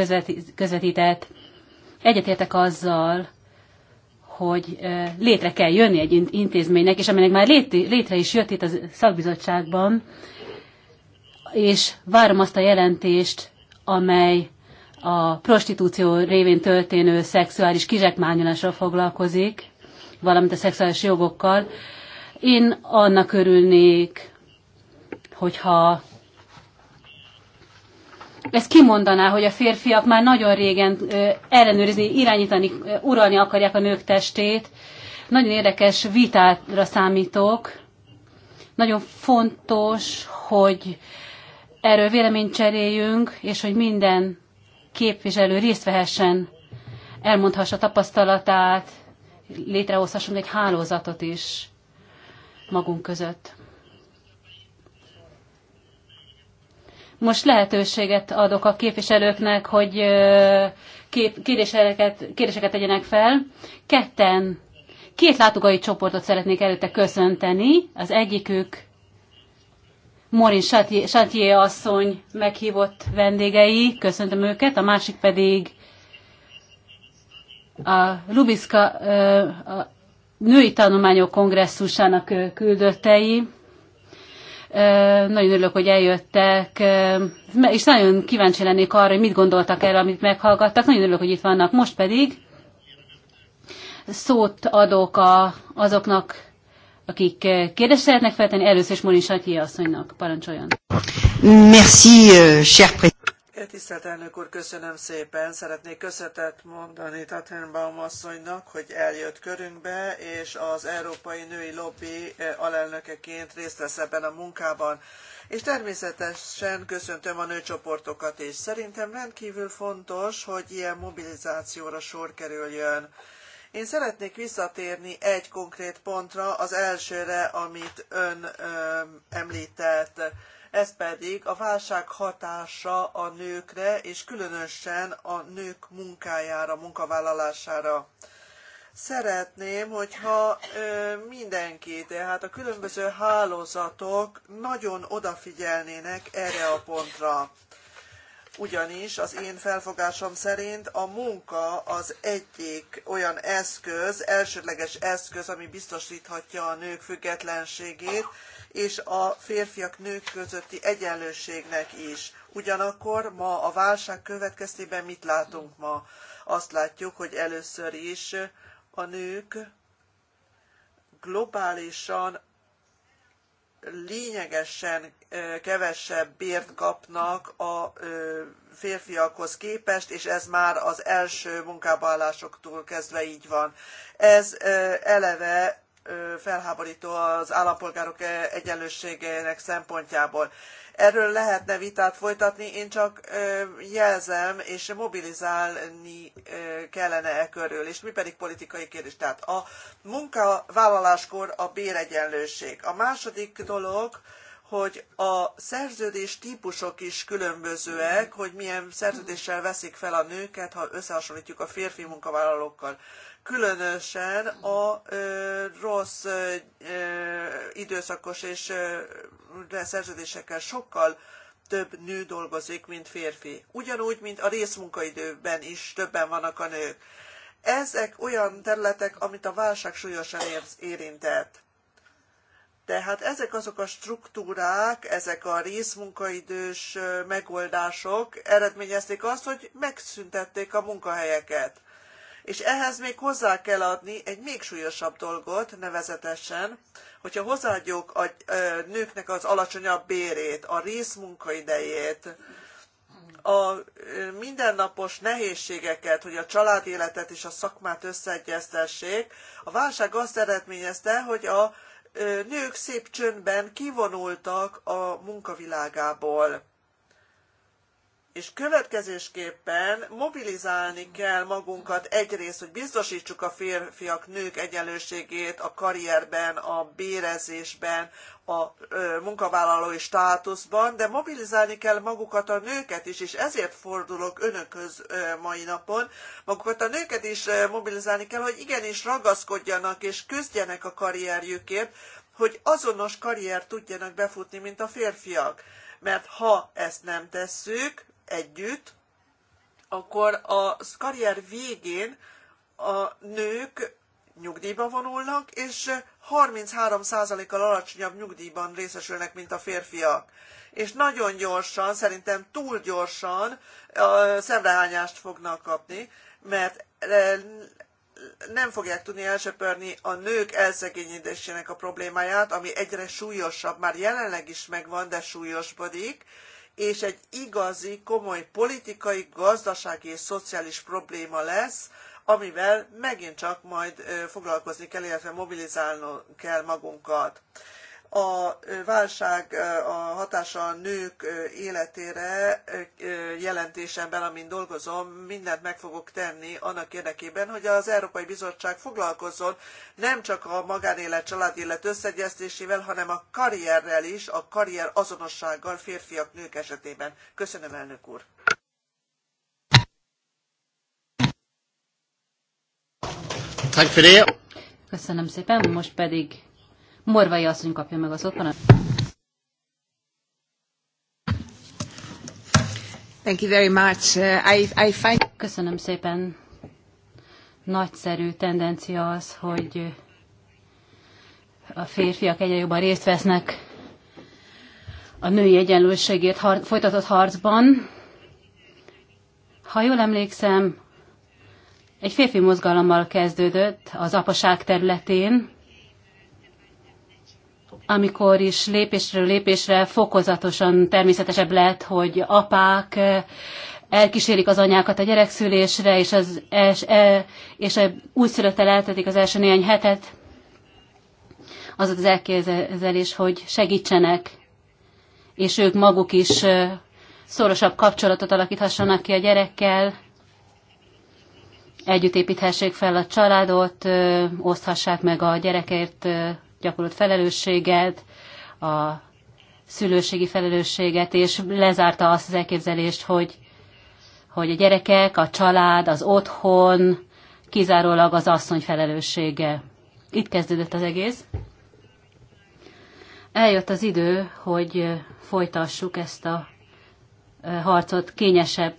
közvetített. Egyetértek azzal, hogy létre kell jönni egy intézménynek, és aminek már létre is jött itt a szakbizottságban, és várom azt a jelentést, amely a prostitúció révén történő szexuális kizsákmányolással foglalkozik, valamint a szexuális jogokkal. Én annak örülnék, hogyha ez kimondaná, hogy a férfiak már nagyon régen ellenőrizni, irányítani, uralni akarják a nők testét. Nagyon érdekes vitára számítok. Nagyon fontos, hogy erről véleményt cseréljünk, és hogy minden képviselő részt vehessen, elmondhassa tapasztalatát, létrehozhassunk egy hálózatot is magunk között. Most lehetőséget adok a képviselőknek, hogy kérdéseket, kérdéseket tegyenek fel. Ketten, két látogatói csoportot szeretnék előtte köszönteni. Az egyikük Morin Satier asszony meghívott vendégei, köszöntöm őket, a másik pedig a Lubiszka a Női Tanulmányok Kongresszusának küldöttei. Nagyon örülök, hogy eljöttek, és nagyon kíváncsi lennék arra, hogy mit gondoltak erről, amit meghallgattak. Nagyon örülök, hogy itt vannak. Most pedig szót adok a, azoknak akik eh, kérdést szeretnek feltenni, először is Morin Satyi asszonynak. Parancsoljon. Merci, euh, cher Tisztelt elnök úr, köszönöm szépen. Szeretnék köszönetet mondani Tatenbaum asszonynak, hogy eljött körünkbe, és az Európai Női Lobby eh, alelnökeként részt vesz ebben a munkában. És természetesen köszöntöm a nőcsoportokat is. Szerintem rendkívül fontos, hogy ilyen mobilizációra sor kerüljön én szeretnék visszatérni egy konkrét pontra, az elsőre, amit ön ö, említett. Ez pedig a válság hatása a nőkre, és különösen a nők munkájára, munkavállalására szeretném, hogyha ö, mindenki, tehát a különböző hálózatok nagyon odafigyelnének erre a pontra ugyanis az én felfogásom szerint a munka az egyik olyan eszköz, elsődleges eszköz, ami biztosíthatja a nők függetlenségét, és a férfiak nők közötti egyenlőségnek is. Ugyanakkor ma a válság következtében mit látunk ma? Azt látjuk, hogy először is a nők globálisan lényegesen kevesebb bért kapnak a férfiakhoz képest, és ez már az első munkábaállásoktól kezdve így van. Ez eleve felháborító az állampolgárok egyenlőségének szempontjából. Erről lehetne vitát folytatni, én csak jelzem és mobilizálni kellene e körül, és mi pedig politikai kérdés. Tehát a munkavállaláskor a béregyenlőség. A második dolog, hogy a szerződés típusok is különbözőek, hogy milyen szerződéssel veszik fel a nőket, ha összehasonlítjuk a férfi munkavállalókkal különösen a ö, rossz ö, időszakos és ö, szerződésekkel sokkal több nő dolgozik, mint férfi. Ugyanúgy, mint a részmunkaidőben is többen vannak a nők. Ezek olyan területek, amit a válság súlyosan érintett. Tehát ezek azok a struktúrák, ezek a részmunkaidős megoldások eredményezték azt, hogy megszüntették a munkahelyeket. És ehhez még hozzá kell adni egy még súlyosabb dolgot, nevezetesen, hogyha hozzáadjuk a nőknek az alacsonyabb bérét, a részmunkaidejét, a mindennapos nehézségeket, hogy a életet és a szakmát összeegyeztessék, a válság azt eredményezte, hogy a nők szép csöndben kivonultak a munkavilágából és következésképpen mobilizálni kell magunkat egyrészt, hogy biztosítsuk a férfiak, nők egyenlőségét a karrierben, a bérezésben, a munkavállalói státuszban, de mobilizálni kell magukat a nőket is, és ezért fordulok önökhöz mai napon. Magukat a nőket is mobilizálni kell, hogy igenis ragaszkodjanak és küzdjenek a karrierjükért, hogy azonos karrier tudjanak befutni, mint a férfiak. Mert ha ezt nem tesszük, együtt, akkor a karrier végén a nők nyugdíjba vonulnak, és 33%-kal alacsonyabb nyugdíjban részesülnek, mint a férfiak. És nagyon gyorsan, szerintem túl gyorsan a szemrehányást fognak kapni, mert e, nem fogják tudni elsöpörni a nők elszegényedésének a problémáját, ami egyre súlyosabb, már jelenleg is megvan, de súlyosbodik, és egy igazi, komoly politikai, gazdasági és szociális probléma lesz, amivel megint csak majd foglalkozni kell, illetve mobilizálnunk kell magunkat a válság a hatása a nők életére jelentésemben, amin dolgozom, mindent meg fogok tenni annak érdekében, hogy az Európai Bizottság foglalkozzon nem csak a magánélet, családélet összegyeztésével, hanem a karrierrel is, a karrier azonossággal férfiak, nők esetében. Köszönöm, elnök úr! Köszönöm szépen, most pedig Morvai asszony kapja meg az otthonat. Thank you very much. Uh, I, I find... Köszönöm szépen. Nagyszerű tendencia az, hogy uh, a férfiak egyre jobban részt vesznek a női egyenlőségért har- folytatott harcban. Ha jól emlékszem, egy férfi mozgalommal kezdődött az apaság területén, amikor is lépésről lépésre fokozatosan természetesebb lett, hogy apák eh, elkísérik az anyákat a gyerekszülésre, és, az, e, és, és újszülöttel eltetik az első néhány hetet, az az elképzelés, hogy segítsenek, és ők maguk is eh, szorosabb kapcsolatot alakíthassanak ki a gyerekkel, együtt építhessék fel a családot, eh, oszthassák meg a gyerekért gyakorolt felelősséget, a szülőségi felelősséget, és lezárta azt az elképzelést, hogy, hogy a gyerekek, a család, az otthon kizárólag az asszony felelőssége. Itt kezdődött az egész. Eljött az idő, hogy folytassuk ezt a eh, harcot kényesebb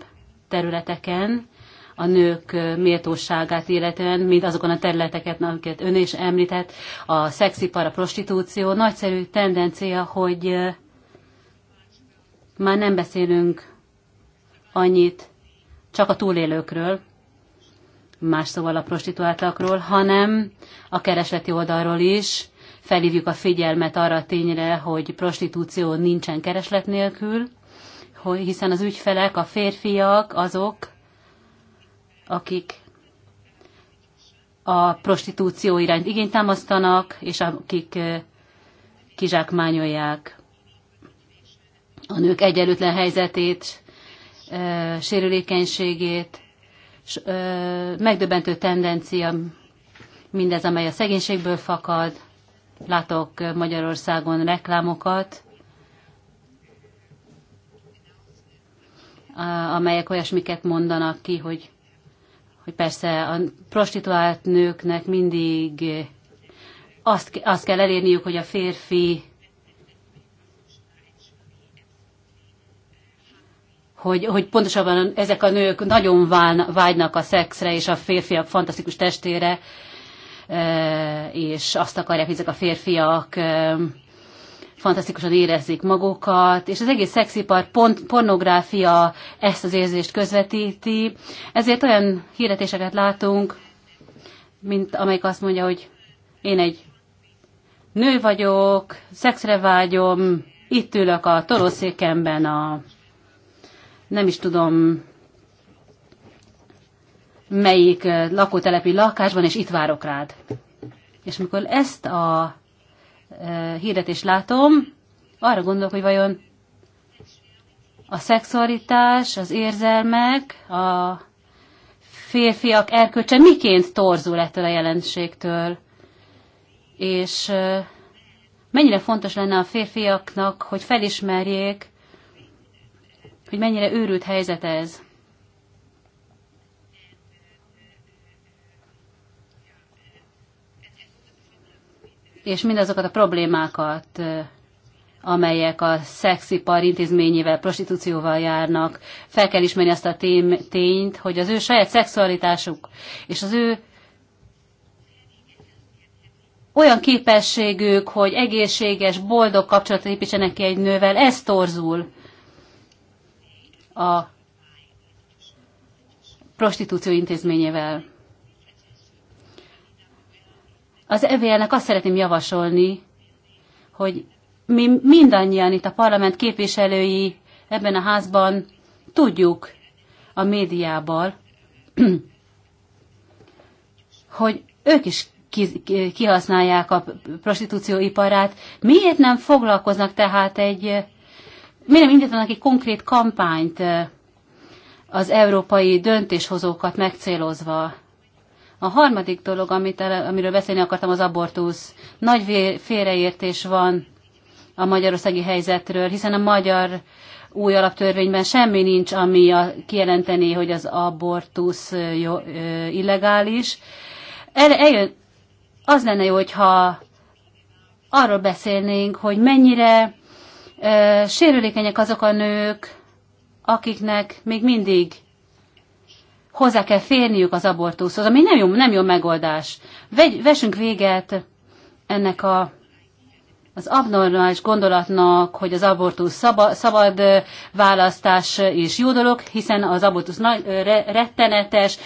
területeken, a nők méltóságát illetően, mint azokon a területeket, amiket ön is említett, a szexipar, a prostitúció. Nagyszerű tendencia, hogy már nem beszélünk annyit csak a túlélőkről, más szóval a prostituáltakról, hanem a keresleti oldalról is felhívjuk a figyelmet arra a tényre, hogy prostitúció nincsen kereslet nélkül, hogy hiszen az ügyfelek, a férfiak azok, akik a prostitúció irányt igényt támasztanak, és akik kizsákmányolják a nők egyenlőtlen helyzetét, sérülékenységét, és megdöbbentő tendencia mindez, amely a szegénységből fakad. Látok Magyarországon reklámokat, amelyek olyasmiket mondanak ki, hogy hogy persze a prostituált nőknek mindig azt, azt kell elérniük, hogy a férfi hogy, hogy pontosabban ezek a nők nagyon vágynak a szexre és a férfiak fantasztikus testére, eh, és azt akarják, hogy ezek a férfiak eh, fantasztikusan érezzék magukat, és az egész szexipar pont, pornográfia ezt az érzést közvetíti. Ezért olyan hirdetéseket látunk, mint amelyik azt mondja, hogy én egy nő vagyok, szexre vágyom, itt ülök a toroszékemben a nem is tudom melyik lakótelepi lakásban, és itt várok rád. És amikor ezt a hirdetést látom, arra gondolok, hogy vajon a szexualitás, az érzelmek, a férfiak erkölcse miként torzul ettől a jelenségtől, és mennyire fontos lenne a férfiaknak, hogy felismerjék, hogy mennyire őrült helyzet ez. és mindazokat a problémákat, amelyek a szexipar intézményével, prostitúcióval járnak. Fel kell ismerni azt a tényt, hogy az ő saját szexualitásuk és az ő olyan képességük, hogy egészséges, boldog kapcsolatot építsenek ki egy nővel, ez torzul a prostitúció intézményével. Az EVL-nek azt szeretném javasolni, hogy mi mindannyian itt a parlament képviselői ebben a házban tudjuk a médiából, hogy ők is kihasználják a prostitúcióiparát. Miért nem foglalkoznak tehát egy, miért nem indítanak egy konkrét kampányt az európai döntéshozókat megcélozva? A harmadik dolog, amit, amiről beszélni akartam, az abortusz. Nagy félreértés van a magyarországi helyzetről, hiszen a magyar új alaptörvényben semmi nincs, ami a, kijelenteni, hogy az abortusz jó, ö, illegális. El, eljön, az lenne jó, hogyha arról beszélnénk, hogy mennyire ö, sérülékenyek azok a nők, akiknek még mindig hozzá kell férniük az abortuszhoz, ami nem jó, nem jó megoldás. Vegy, vessünk véget ennek a, az abnormális gondolatnak, hogy az abortusz szaba, szabad választás és jó dolog, hiszen az abortusz nagy, re, rettenetes,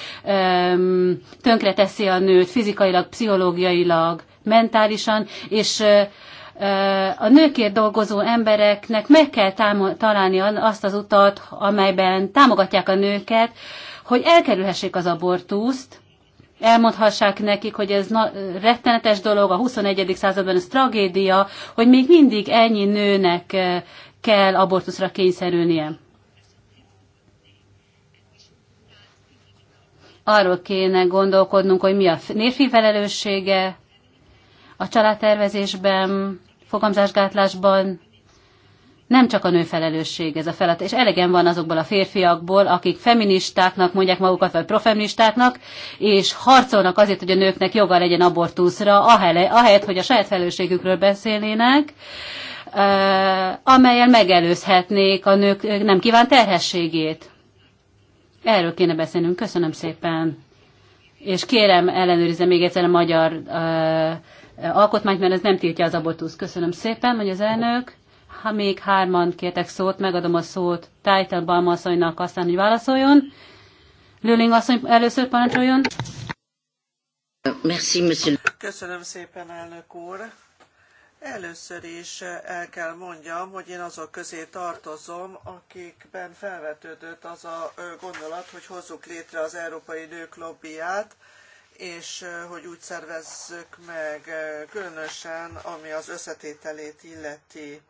tönkreteszi a nőt fizikailag, pszichológiailag, mentálisan, és a nőkért dolgozó embereknek meg kell találni azt az utat, amelyben támogatják a nőket, hogy elkerülhessék az abortuszt, elmondhassák nekik, hogy ez na, rettenetes dolog, a 21. században ez tragédia, hogy még mindig ennyi nőnek eh, kell abortuszra kényszerülnie. Arról kéne gondolkodnunk, hogy mi a nérfi felelőssége a családtervezésben, fogamzásgátlásban, nem csak a nő felelősség ez a feladat, és elegen van azokból a férfiakból, akik feministáknak mondják magukat, vagy profeministáknak, és harcolnak azért, hogy a nőknek joga legyen abortuszra, ahelyett, hogy a saját felelősségükről beszélnének, amelyel megelőzhetnék a nők nem kívánt terhességét. Erről kéne beszélnünk. Köszönöm szépen. És kérem, ellenőrizze még egyszer a magyar uh, alkotmányt, mert ez nem tiltja az abortusz. Köszönöm szépen, hogy az elnök. Ha még hárman kértek szót, megadom a szót Tájtel Balmaszonynak aztán, hogy válaszoljon. Lőling asszony először parancsoljon. Merci, monsieur. Köszönöm szépen, elnök úr. Először is el kell mondjam, hogy én azok közé tartozom, akikben felvetődött az a gondolat, hogy hozzuk létre az Európai Nők Lobbyját, és hogy úgy szervezzük meg, különösen ami az összetételét illeti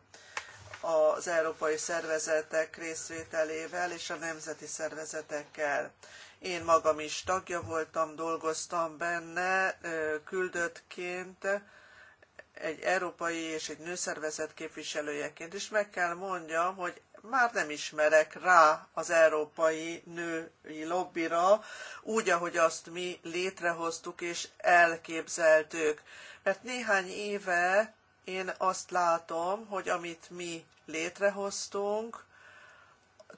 az európai szervezetek részvételével és a nemzeti szervezetekkel. Én magam is tagja voltam, dolgoztam benne küldöttként, egy európai és egy nőszervezet képviselőjeként, és meg kell mondjam, hogy már nem ismerek rá az európai női lobbira, úgy, ahogy azt mi létrehoztuk és elképzeltük. Mert néhány éve én azt látom, hogy amit mi létrehoztunk,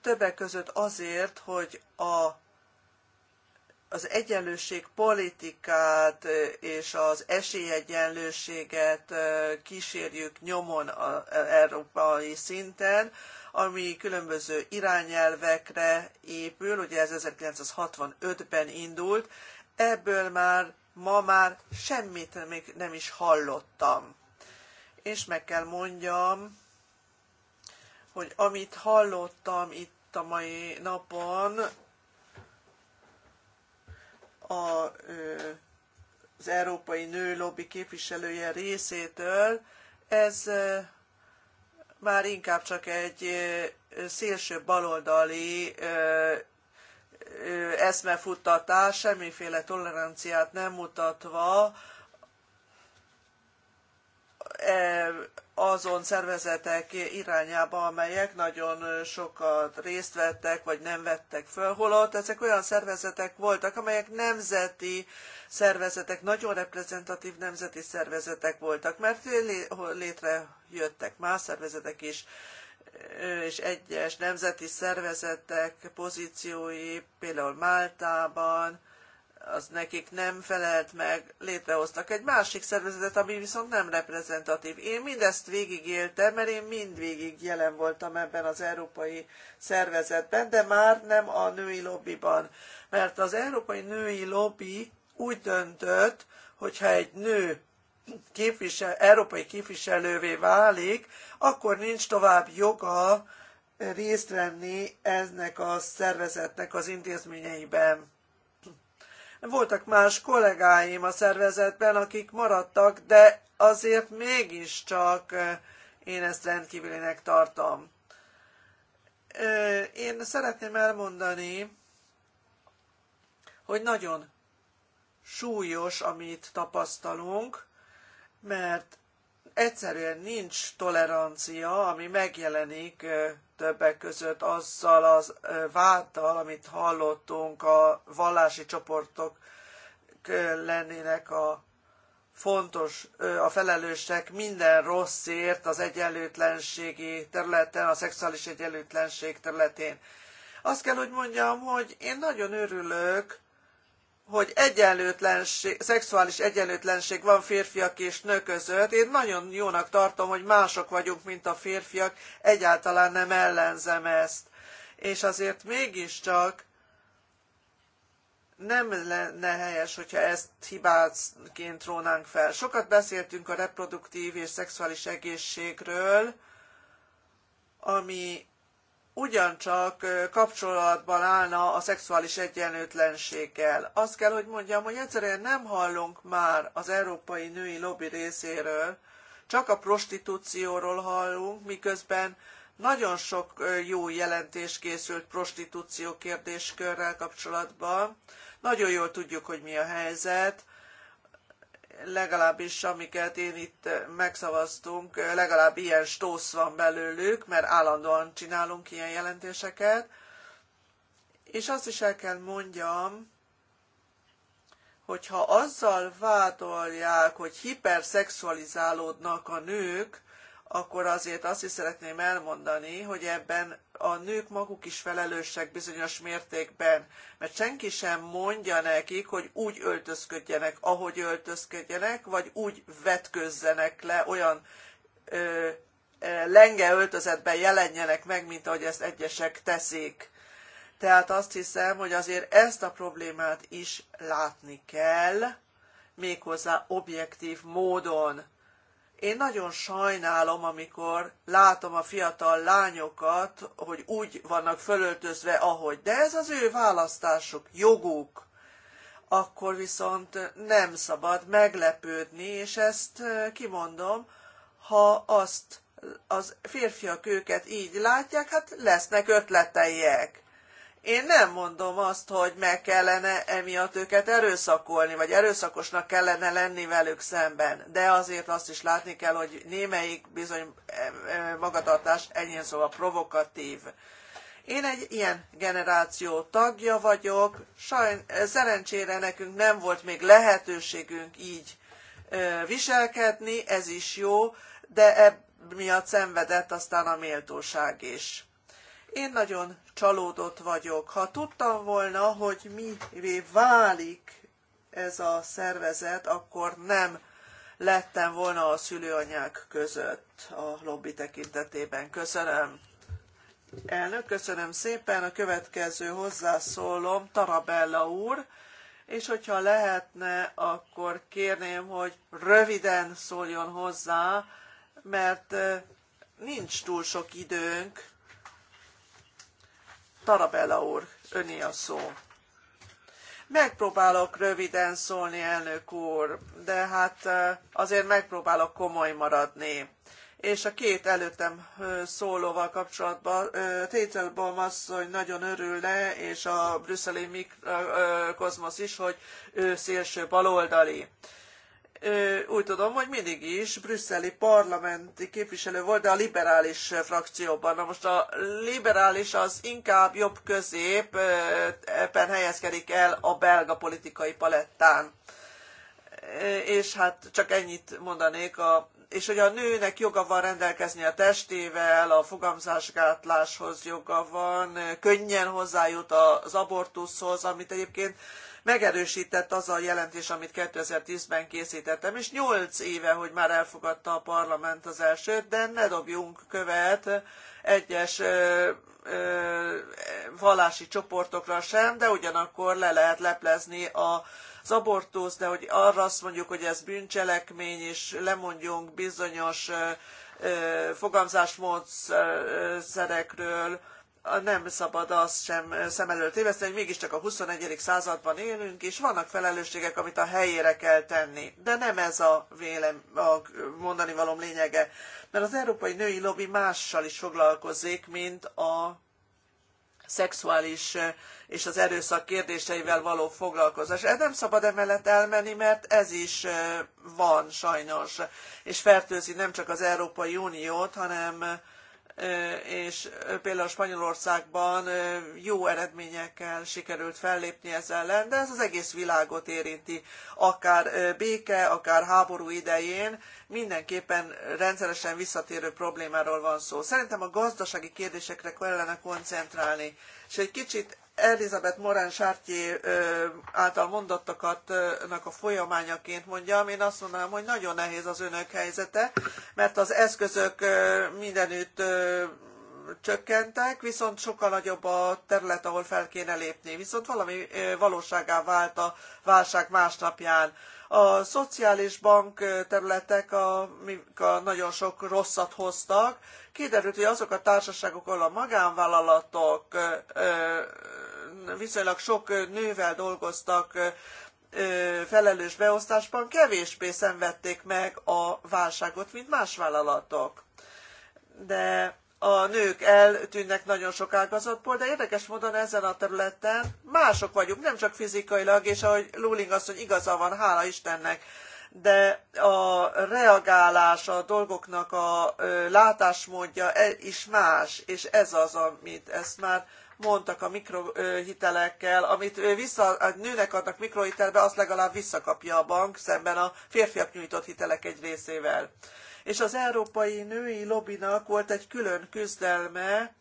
többek között azért, hogy a, az egyenlőség politikát és az esélyegyenlőséget kísérjük nyomon a, e, európai szinten, ami különböző irányelvekre épül, ugye ez 1965-ben indult, ebből már ma már semmit még nem is hallottam és meg kell mondjam, hogy amit hallottam itt a mai napon, a, az Európai Nőlobbi képviselője részétől, ez már inkább csak egy szélső baloldali eszmefuttatás, semmiféle toleranciát nem mutatva E, azon szervezetek irányába, amelyek nagyon sokat részt vettek, vagy nem vettek föl, holott ezek olyan szervezetek voltak, amelyek nemzeti szervezetek, nagyon reprezentatív nemzeti szervezetek voltak, mert létrejöttek más szervezetek is, és egyes nemzeti szervezetek pozíciói, például Máltában, az nekik nem felelt meg, létrehoztak egy másik szervezetet, ami viszont nem reprezentatív. Én mindezt végigéltem, mert én mind végig jelen voltam ebben az európai szervezetben, de már nem a női lobbiban. Mert az európai női lobby úgy döntött, hogyha egy nő képvisel, európai képviselővé válik, akkor nincs tovább joga részt venni eznek a szervezetnek az intézményeiben voltak más kollégáim a szervezetben, akik maradtak, de azért mégiscsak én ezt rendkívülének tartom. Én szeretném elmondani, hogy nagyon súlyos, amit tapasztalunk, mert egyszerűen nincs tolerancia, ami megjelenik többek között azzal az váddal, amit hallottunk a vallási csoportok lennének a fontos a felelősek minden rosszért az egyenlőtlenségi területen, a szexuális egyenlőtlenség területén. Azt kell, hogy mondjam, hogy én nagyon örülök, hogy egyenlőtlenség, szexuális egyenlőtlenség van férfiak és nők között. Én nagyon jónak tartom, hogy mások vagyunk, mint a férfiak, egyáltalán nem ellenzem ezt. És azért mégiscsak nem lenne helyes, hogyha ezt hibáként rónánk fel. Sokat beszéltünk a reproduktív és szexuális egészségről, ami ugyancsak kapcsolatban állna a szexuális egyenlőtlenséggel. Azt kell, hogy mondjam, hogy egyszerűen nem hallunk már az európai női lobby részéről, csak a prostitúcióról hallunk, miközben nagyon sok jó jelentés készült prostitúció kérdéskörrel kapcsolatban. Nagyon jól tudjuk, hogy mi a helyzet, legalábbis amiket én itt megszavaztunk, legalább ilyen stósz van belőlük, mert állandóan csinálunk ilyen jelentéseket. És azt is el kell mondjam, hogyha azzal vádolják, hogy hiperszexualizálódnak a nők, akkor azért azt is szeretném elmondani, hogy ebben a nők maguk is felelősek bizonyos mértékben, mert senki sem mondja nekik, hogy úgy öltözködjenek, ahogy öltözködjenek, vagy úgy vetközzenek le, olyan ö, lenge öltözetben jelenjenek meg, mint ahogy ezt egyesek teszik. Tehát azt hiszem, hogy azért ezt a problémát is látni kell, méghozzá objektív módon én nagyon sajnálom, amikor látom a fiatal lányokat, hogy úgy vannak fölöltözve, ahogy, de ez az ő választásuk, joguk. Akkor viszont nem szabad meglepődni, és ezt kimondom, ha azt az férfiak őket így látják, hát lesznek ötleteiek. Én nem mondom azt, hogy meg kellene emiatt őket erőszakolni, vagy erőszakosnak kellene lenni velük szemben, de azért azt is látni kell, hogy némelyik bizony e, e, magatartás enyhén szóval provokatív. Én egy ilyen generáció tagja vagyok, sajn, szerencsére nekünk nem volt még lehetőségünk így e, viselkedni, ez is jó, de ebb miatt szenvedett aztán a méltóság is. Én nagyon csalódott vagyok. Ha tudtam volna, hogy mi válik ez a szervezet, akkor nem lettem volna a szülőanyák között a lobby tekintetében. Köszönöm. Elnök, köszönöm szépen. A következő hozzászólom Tarabella úr, és hogyha lehetne, akkor kérném, hogy röviden szóljon hozzá, mert nincs túl sok időnk, Tarabella úr, öné a szó. Megpróbálok röviden szólni, elnök úr, de hát azért megpróbálok komoly maradni. És a két előttem szólóval kapcsolatban Tételbaum asszony nagyon örülne, és a brüsszeli mikrokozmosz is, hogy ő szélső baloldali úgy tudom, hogy mindig is brüsszeli parlamenti képviselő volt, de a liberális frakcióban. Na most a liberális az inkább jobb közép, ebben helyezkedik el a belga politikai palettán. És hát csak ennyit mondanék a és hogy a nőnek joga van rendelkezni a testével, a fogamzásgátláshoz joga van, könnyen hozzájut az abortuszhoz, amit egyébként megerősített az a jelentés, amit 2010-ben készítettem, és 8 éve, hogy már elfogadta a parlament az elsőt, de ne dobjunk követ egyes ö, ö, vallási csoportokra sem, de ugyanakkor le lehet leplezni a az abortusz, de hogy arra azt mondjuk, hogy ez bűncselekmény, és lemondjunk bizonyos fogamzásmódszerekről, nem szabad azt sem szem elől téveszteni, hogy mégiscsak a 21. században élünk, és vannak felelősségek, amit a helyére kell tenni. De nem ez a, vélem, a mondani valom lényege, mert az Európai Női Lobby mással is foglalkozik, mint a szexuális eh, és az erőszak kérdéseivel való foglalkozás. Ez nem szabad emellett elmenni, mert ez is eh, van sajnos, és fertőzi nem csak az Európai Uniót, hanem eh, és például Spanyolországban jó eredményekkel sikerült fellépni ez ellen, de ez az egész világot érinti. Akár béke, akár háború idején mindenképpen rendszeresen visszatérő problémáról van szó. Szerintem a gazdasági kérdésekre kellene koncentrálni, és egy kicsit Elizabeth Morin Chartier által mondottakatnak a folyamányaként mondjam, én azt mondanám, hogy nagyon nehéz az önök helyzete, mert az eszközök mindenütt csökkentek, viszont sokkal nagyobb a terület, ahol fel kéne lépni. Viszont valami valóságá vált a válság másnapján. A szociális bank területek, amik nagyon sok rosszat hoztak, kiderült, hogy azok a társaságok, ahol a magánvállalatok viszonylag sok nővel dolgoztak felelős beosztásban, kevésbé szenvedték meg a válságot, mint más vállalatok. De a nők eltűnnek nagyon sok ágazatból, de érdekes módon ezen a területen mások vagyunk, nem csak fizikailag, és ahogy Luling hogy igaza van, hála Istennek, de a reagálás, a dolgoknak a látásmódja e is más, és ez az, amit ezt már mondtak a mikrohitelekkel, amit vissza, a nőnek adnak mikrohitelbe, azt legalább visszakapja a bank szemben a férfiak nyújtott hitelek egy részével. És az Európai Női Lobbynak volt egy külön küzdelme,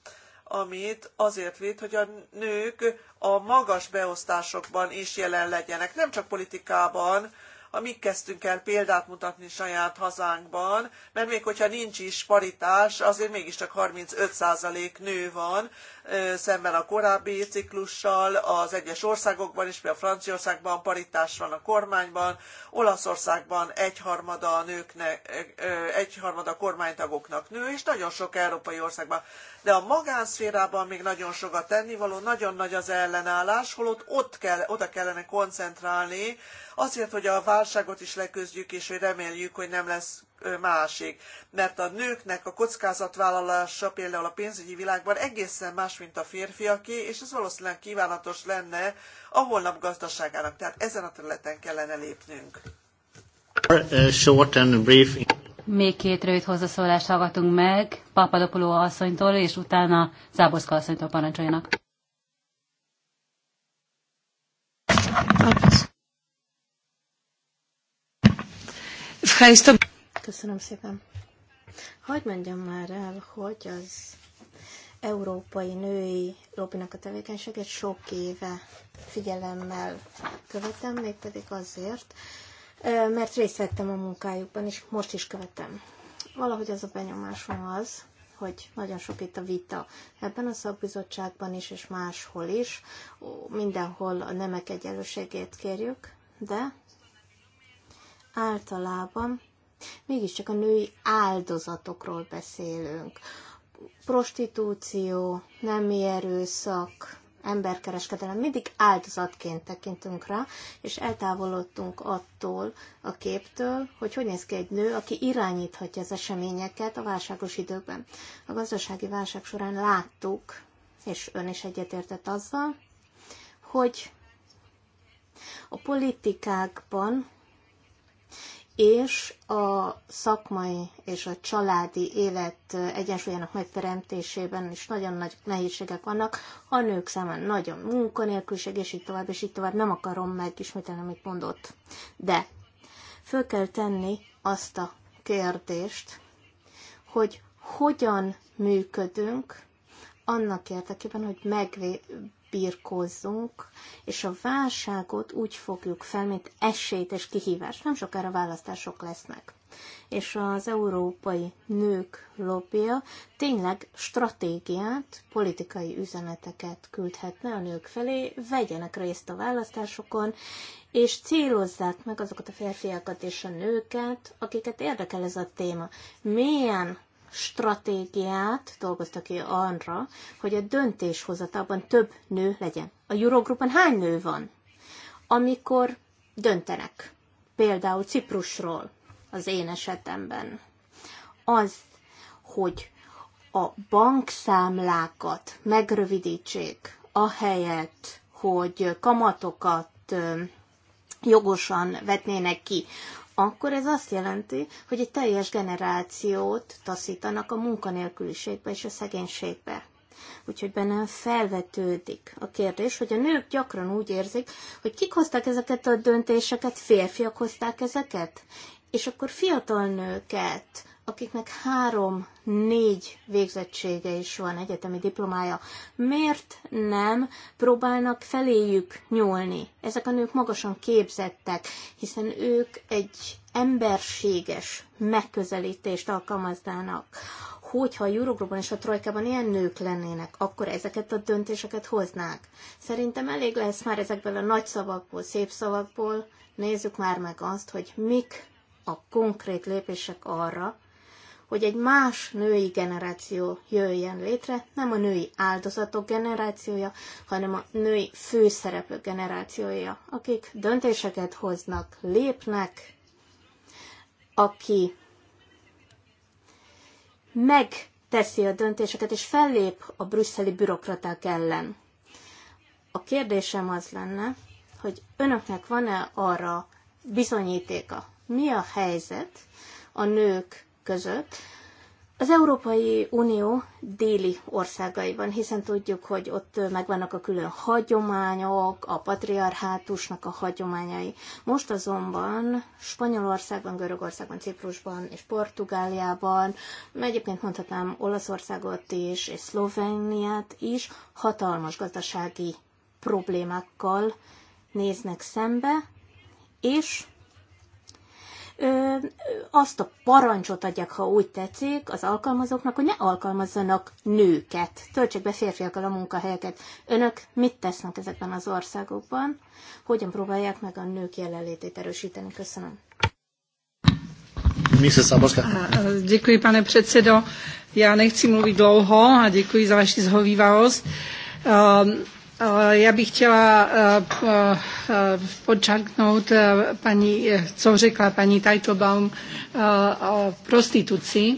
amit azért vitt, hogy a nők a magas beosztásokban is jelen legyenek, nem csak politikában, ha mi kezdtünk el példát mutatni saját hazánkban, mert még hogyha nincs is paritás, azért mégiscsak 35% nő van, szemben a korábbi ciklussal, az egyes országokban is, például Franciaországban paritás van a kormányban, Olaszországban egyharmada a nőknek, egyharmada a kormánytagoknak nő, és nagyon sok európai országban. De a magánszférában még nagyon sok a tennivaló, nagyon nagy az ellenállás, holott ott kell, oda kellene koncentrálni, azért, hogy a válságot is leküzdjük, és hogy reméljük, hogy nem lesz másik. Mert a nőknek a kockázatvállalása például a pénzügyi világban egészen más, mint a férfiaké, és ez valószínűleg kívánatos lenne a holnap gazdaságának. Tehát ezen a területen kellene lépnünk. Short and brief. Még két rövid hozzászólást hallgatunk meg Papadopoló asszonytól, és utána Záborszka asszonytól parancsoljanak. Köszönöm. Köszönöm szépen. Hogy mondjam már el, hogy az európai női lobbinak a tevékenységet sok éve figyelemmel követem, mégpedig azért, mert részt vettem a munkájukban, és most is követem. Valahogy az a benyomásom az, hogy nagyon sok itt a vita ebben a szakbizottságban is, és máshol is. Mindenhol a nemek egyenlőségét kérjük, de általában Mégiscsak a női áldozatokról beszélünk. Prostitúció, nemi erőszak, emberkereskedelem, mindig áldozatként tekintünk rá, és eltávolodtunk attól a képtől, hogy hogy néz ki egy nő, aki irányíthatja az eseményeket a válságos időkben. A gazdasági válság során láttuk, és ön is egyetértett azzal, hogy a politikákban és a szakmai és a családi élet egyensúlyának megteremtésében is nagyon nagy nehézségek vannak. A nők számára nagyon munkanélküliség, és így tovább, és így tovább. Nem akarom megismételni, amit mondott. De föl kell tenni azt a kérdést, hogy hogyan működünk annak érdekében, hogy megvé- birkózzunk, és a válságot úgy fogjuk fel, mint esélyt és kihívást. Nem sokára választások lesznek. És az európai nők lobbia tényleg stratégiát, politikai üzeneteket küldhetne a nők felé, vegyenek részt a választásokon, és célozzák meg azokat a férfiakat és a nőket, akiket érdekel ez a téma. Milyen stratégiát dolgoztak ki arra, hogy a döntéshozatában több nő legyen. A Eurogroupban hány nő van? Amikor döntenek, például Ciprusról, az én esetemben, az, hogy a bankszámlákat megrövidítsék, ahelyett, hogy kamatokat jogosan vetnének ki, akkor ez azt jelenti, hogy egy teljes generációt taszítanak a munkanélküliségbe és a szegénységbe. Úgyhogy bennem felvetődik a kérdés, hogy a nők gyakran úgy érzik, hogy kik hozták ezeket a döntéseket, férfiak hozták ezeket, és akkor fiatal nőket, akiknek három négy végzettsége is van, egyetemi diplomája. Miért nem próbálnak feléjük nyúlni? Ezek a nők magasan képzettek, hiszen ők egy emberséges megközelítést alkalmaznának. Hogyha a Eurogrupban és a Trojkában ilyen nők lennének, akkor ezeket a döntéseket hoznák. Szerintem elég lesz már ezekből a nagy szavakból, szép szavakból. Nézzük már meg azt, hogy mik a konkrét lépések arra, hogy egy más női generáció jöjjön létre, nem a női áldozatok generációja, hanem a női főszereplő generációja, akik döntéseket hoznak, lépnek, aki megteszi a döntéseket, és fellép a brüsszeli bürokraták ellen. A kérdésem az lenne, hogy önöknek van-e arra bizonyítéka, mi a helyzet a nők között az Európai Unió déli országaiban, hiszen tudjuk, hogy ott megvannak a külön hagyományok, a patriarhátusnak a hagyományai. Most azonban Spanyolországban, Görögországban, Ciprusban és Portugáliában, egyébként mondhatnám Olaszországot is, és Szlovéniát is, hatalmas gazdasági problémákkal néznek szembe, és azt a parancsot adják, ha úgy tetszik, az alkalmazóknak, hogy ne alkalmazzanak nőket, töltsék be férfiakkal a munkahelyeket. Önök mit tesznek ezekben az országokban? Hogyan próbálják meg a nők jelenlétét erősíteni? Köszönöm. Děkuji, pane předsedo. Já nechci mluvit dlouho a děkuji za vaši zhovývalost. Um, Eh, já bych chtěla podčarknout eh, eh, paní, co řekla paní Teitelbaum o prostituci.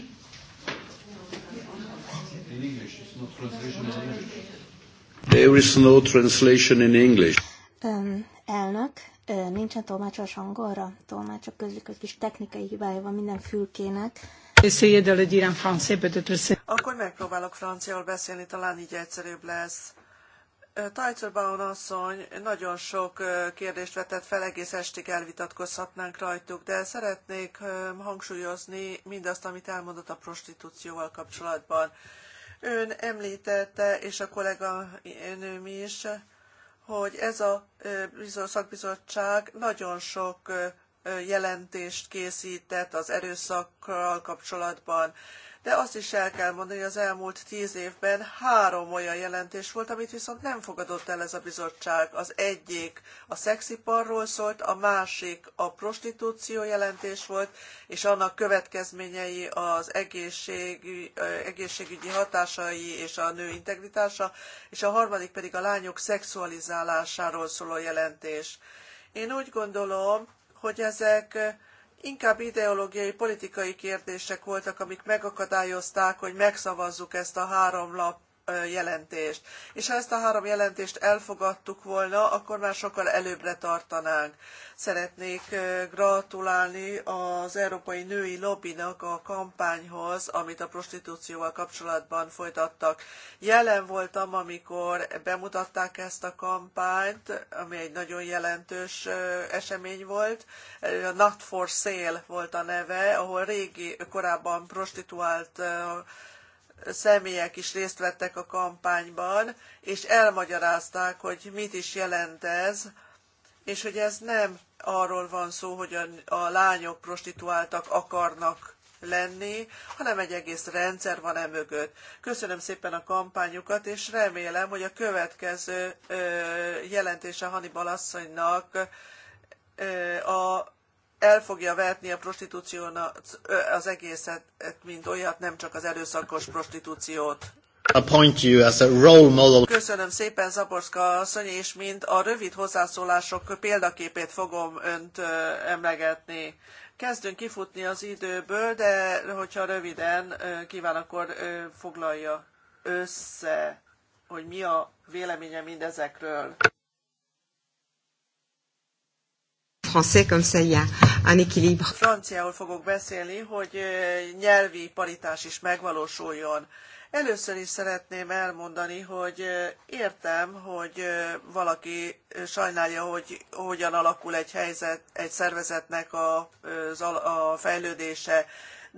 There is no translation in English. Um, elnök, nincsen tolmácsolás angolra. Tolmácsok közlik hogy kis technikai hibája van minden fülkének. Akkor megpróbálok franciaul beszélni, talán így egyszerűbb lesz. Tajcerbaun asszony nagyon sok kérdést vetett fel, egész estig elvitatkozhatnánk rajtuk, de szeretnék hangsúlyozni mindazt, amit elmondott a prostitúcióval kapcsolatban. Ön említette, és a kollega nőm is, hogy ez a szakbizottság nagyon sok jelentést készített az erőszakkal kapcsolatban de azt is el kell mondani, hogy az elmúlt tíz évben három olyan jelentés volt, amit viszont nem fogadott el ez a bizottság. Az egyik a szexiparról szólt, a másik a prostitúció jelentés volt, és annak következményei az egészség, egészségügyi hatásai és a nő integritása, és a harmadik pedig a lányok szexualizálásáról szóló jelentés. Én úgy gondolom, hogy ezek inkább ideológiai, politikai kérdések voltak, amik megakadályozták, hogy megszavazzuk ezt a három lap jelentést. És ha ezt a három jelentést elfogadtuk volna, akkor már sokkal előbbre tartanánk. Szeretnék gratulálni az Európai Női Lobbynak a kampányhoz, amit a prostitúcióval kapcsolatban folytattak. Jelen voltam, amikor bemutatták ezt a kampányt, ami egy nagyon jelentős esemény volt. A Not for Sale volt a neve, ahol régi, korábban prostituált személyek is részt vettek a kampányban, és elmagyarázták, hogy mit is jelent ez, és hogy ez nem arról van szó, hogy a, a lányok prostituáltak akarnak lenni, hanem egy egész rendszer van e mögött. Köszönöm szépen a kampányukat, és remélem, hogy a következő ö, jelentése Hannibal asszonynak ö, a el fogja vetni a prostitúciónak az egészet, mint olyat, nem csak az erőszakos prostitúciót. Köszönöm szépen, Zaborska asszony, és mint a rövid hozzászólások példaképét fogom önt emlegetni. Kezdünk kifutni az időből, de hogyha röviden kíván, akkor foglalja össze, hogy mi a véleménye mindezekről. français, comme ça il y a un équilibre. Franciául fogok beszélni, hogy nyelvi paritás is megvalósuljon. Először is szeretném elmondani, hogy értem, hogy valaki sajnálja, hogy hogyan alakul egy helyzet, egy szervezetnek a, a fejlődése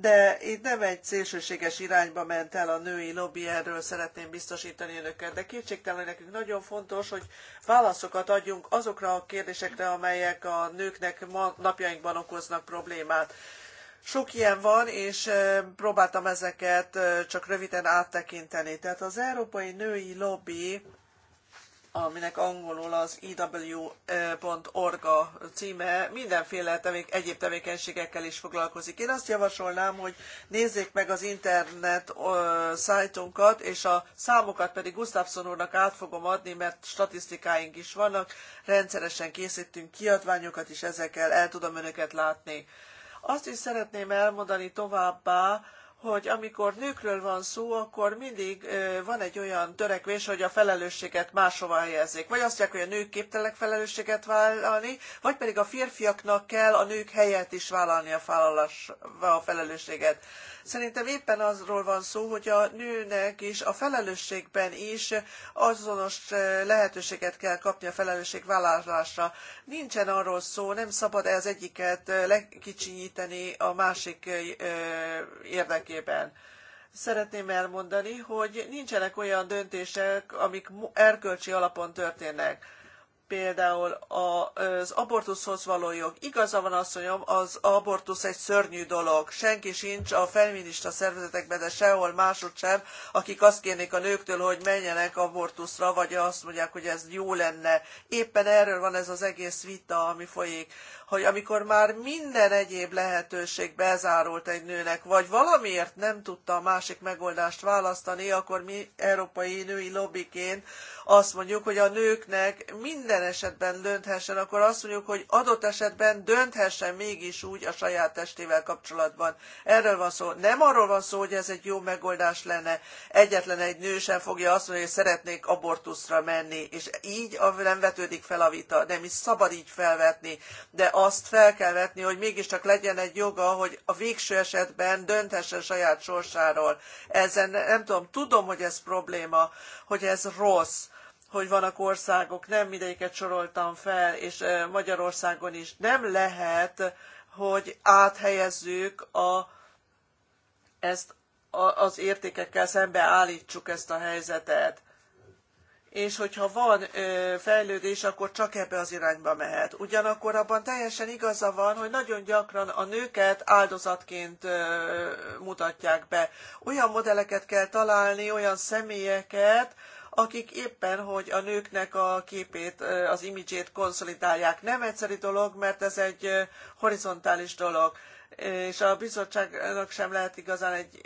de itt nem egy szélsőséges irányba ment el a női lobby, erről szeretném biztosítani önöket, de kétségtelen, hogy nekünk nagyon fontos, hogy válaszokat adjunk azokra a kérdésekre, amelyek a nőknek ma napjainkban okoznak problémát. Sok ilyen van, és eh, próbáltam ezeket eh, csak röviden áttekinteni. Tehát az Európai Női Lobby aminek angolul az iw.org e e a címe, mindenféle tevék, egyéb tevékenységekkel is foglalkozik. Én azt javasolnám, hogy nézzék meg az internet uh, szájtunkat, és a számokat pedig Gustafsson úrnak át fogom adni, mert statisztikáink is vannak, rendszeresen készítünk kiadványokat, és ezekkel el tudom önöket látni. Azt is szeretném elmondani továbbá, hogy amikor nőkről van szó, akkor mindig van egy olyan törekvés, hogy a felelősséget máshova helyezzék. Vagy azt mondják, hogy a nők képtelenek felelősséget vállalni, vagy pedig a férfiaknak kell a nők helyett is vállalni a, a felelősséget. Szerintem éppen azról van szó, hogy a nőnek is a felelősségben is azonos eh, lehetőséget kell kapni a felelősségvállalásra. Nincsen arról szó, nem szabad az egyiket eh, lekicsinyíteni a másik eh, érdekében szeretném elmondani, hogy nincsenek olyan döntések, amik erkölcsi alapon történnek például az abortuszhoz való jog. Igaza van asszonyom, az abortusz egy szörnyű dolog. Senki sincs a feminista szervezetekben, de sehol másod sem, akik azt kérnék a nőktől, hogy menjenek abortuszra, vagy azt mondják, hogy ez jó lenne. Éppen erről van ez az egész vita, ami folyik hogy amikor már minden egyéb lehetőség bezárult egy nőnek, vagy valamiért nem tudta a másik megoldást választani, akkor mi európai női lobbiként azt mondjuk, hogy a nőknek minden esetben dönthessen, akkor azt mondjuk, hogy adott esetben dönthessen mégis úgy a saját testével kapcsolatban. Erről van szó. Nem arról van szó, hogy ez egy jó megoldás lenne. Egyetlen egy nő sem fogja azt mondani, hogy szeretnék abortuszra menni, és így nem vetődik fel a vita, nem is szabad így felvetni, de azt fel kell vetni, hogy mégiscsak legyen egy joga, hogy a végső esetben dönthessen saját sorsáról. Ezen nem tudom, tudom, hogy ez probléma, hogy ez rossz, hogy vannak országok, nem mindegyiket soroltam fel, és Magyarországon is nem lehet, hogy áthelyezzük a, ezt az értékekkel szembe állítsuk ezt a helyzetet és hogyha van fejlődés, akkor csak ebbe az irányba mehet. Ugyanakkor abban teljesen igaza van, hogy nagyon gyakran a nőket áldozatként mutatják be. Olyan modelleket kell találni, olyan személyeket, akik éppen, hogy a nőknek a képét, az imidzsét konszolidálják. Nem egyszerű dolog, mert ez egy horizontális dolog és a bizottságnak sem lehet igazán egy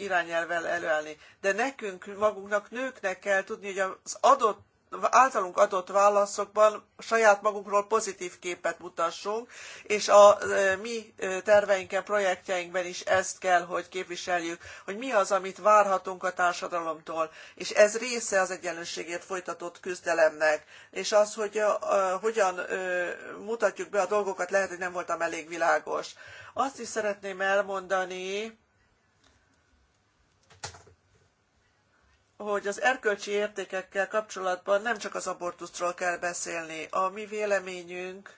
irányelvel előállni. De nekünk magunknak, nőknek kell tudni, hogy az adott általunk adott válaszokban saját magunkról pozitív képet mutassunk, és a e, mi e, terveinken, projektjeinkben is ezt kell, hogy képviseljük, hogy mi az, amit várhatunk a társadalomtól, és ez része az egyenlőségért folytatott küzdelemnek, és az, hogy e, hogyan mutatjuk be a dolgokat, lehet, hogy nem voltam elég világos. Azt is szeretném elmondani, hogy az erkölcsi értékekkel kapcsolatban nem csak az abortuszról kell beszélni. A mi véleményünk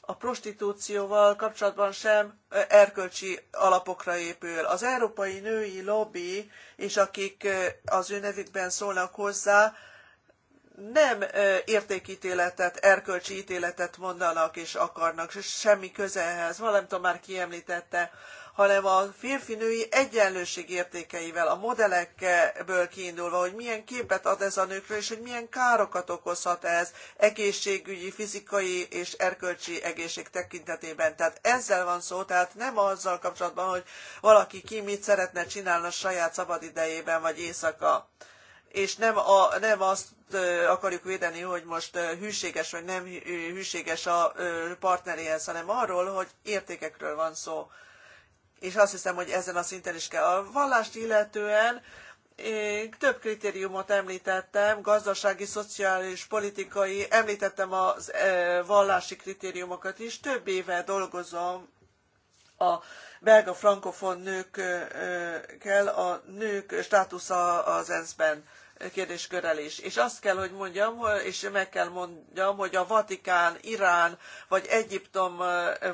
a prostitúcióval kapcsolatban sem erkölcsi alapokra épül. Az európai női lobby, és akik az ő nevükben szólnak hozzá, nem értékítéletet, erkölcsi ítéletet mondanak és akarnak, és semmi ehhez. Valamint már kiemlítette hanem a férfi-női egyenlőség értékeivel, a modellekből kiindulva, hogy milyen képet ad ez a nőkről, és hogy milyen károkat okozhat ez egészségügyi, fizikai és erkölcsi egészség tekintetében. Tehát ezzel van szó, tehát nem azzal kapcsolatban, hogy valaki ki mit szeretne csinálni a saját szabadidejében vagy éjszaka és nem, a, nem azt akarjuk védeni, hogy most hűséges vagy nem hűséges a partneréhez, hanem arról, hogy értékekről van szó és azt hiszem, hogy ezen a szinten is kell. A vallást illetően én több kritériumot említettem, gazdasági, szociális, politikai, említettem az e, vallási kritériumokat is. Több éve dolgozom a belga frankofon nőkkel, a nők státusza az ENSZ-ben kérdéskörrel is. És azt kell, hogy mondjam, és meg kell mondjam, hogy a Vatikán, Irán, vagy Egyiptom,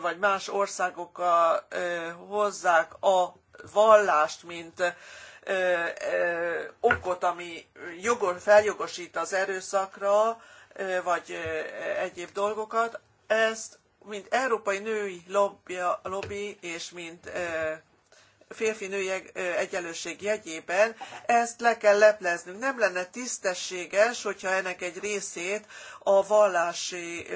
vagy más országok hozzák a vallást, mint ö, ö, okot, ami jogor, feljogosít az erőszakra, ö, vagy ö, egyéb dolgokat, ezt mint európai női lobby, lobby és mint ö, férfi-női egyenlőség jegyében, ezt le kell lepleznünk. Nem lenne tisztességes, hogyha ennek egy részét a vallási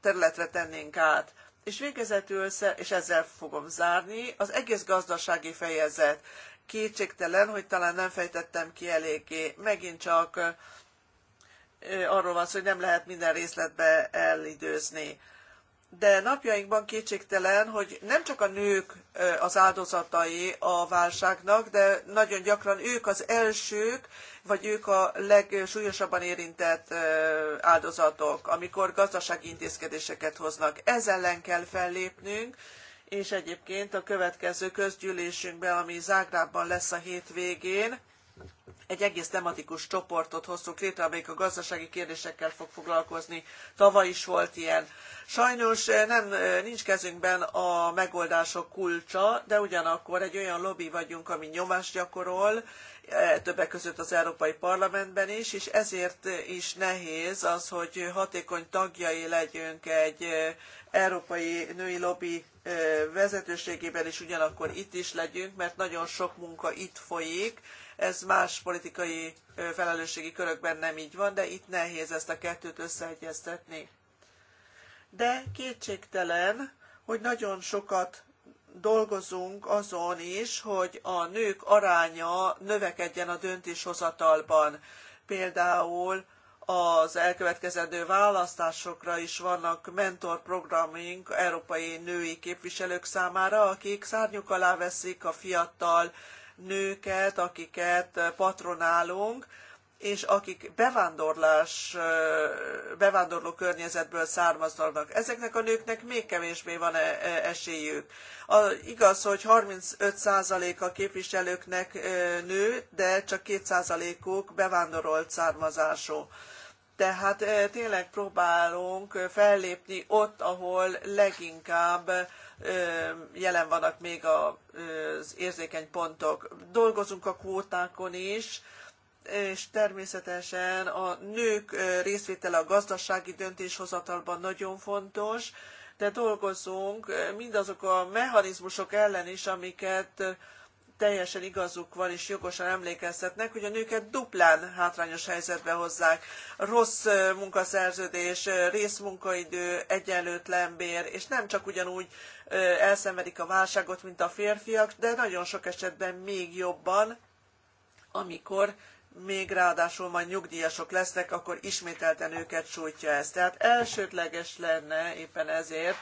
területre tennénk át. És végezetül, és ezzel fogom zárni, az egész gazdasági fejezet. Kétségtelen, hogy talán nem fejtettem ki eléggé. Megint csak arról van szó, hogy nem lehet minden részletbe elidőzni. De napjainkban kétségtelen, hogy nem csak a nők az áldozatai a válságnak, de nagyon gyakran ők az elsők, vagy ők a legsúlyosabban érintett áldozatok, amikor gazdasági intézkedéseket hoznak. Ez ellen kell fellépnünk, és egyébként a következő közgyűlésünkben, ami Zágrában lesz a hétvégén, egy egész tematikus csoportot hoztunk létre, amelyik a gazdasági kérdésekkel fog foglalkozni. Tavaly is volt ilyen. Sajnos eh, nem, eh, nincs kezünkben a megoldások kulcsa, de ugyanakkor egy olyan lobby vagyunk, ami nyomást gyakorol, eh, többek között az Európai Parlamentben is, és ezért is nehéz az, hogy hatékony tagjai legyünk egy európai női lobby vezetőségében, és ugyanakkor itt is legyünk, mert nagyon sok munka itt folyik, ez más politikai felelősségi körökben nem így van, de itt nehéz ezt a kettőt összeegyeztetni. De kétségtelen, hogy nagyon sokat dolgozunk azon is, hogy a nők aránya növekedjen a döntéshozatalban. Például az elkövetkezendő választásokra is vannak mentorprogramink európai női képviselők számára, akik szárnyuk alá veszik a fiatal nőket, akiket eh, patronálunk, és akik bevándorlás, eh, bevándorló környezetből származnak, ezeknek a nőknek még kevésbé van e, e, esélyük. A, igaz, hogy 35% a képviselőknek eh, nő, de csak 2%-uk bevándorolt származású. Tehát eh, tényleg próbálunk eh, fellépni ott, ahol leginkább eh, jelen vannak még az érzékeny pontok. Dolgozunk a kvótákon is, és természetesen a nők részvétele a gazdasági döntéshozatalban nagyon fontos, de dolgozunk mindazok a mechanizmusok ellen is, amiket teljesen igazuk van és jogosan emlékeztetnek, hogy a nőket duplán hátrányos helyzetbe hozzák. Rossz munkaszerződés, részmunkaidő, egyenlőtlen bér, és nem csak ugyanúgy elszenvedik a válságot, mint a férfiak, de nagyon sok esetben még jobban, amikor még ráadásul majd nyugdíjasok lesznek, akkor ismételten őket sújtja ez. Tehát elsődleges lenne éppen ezért,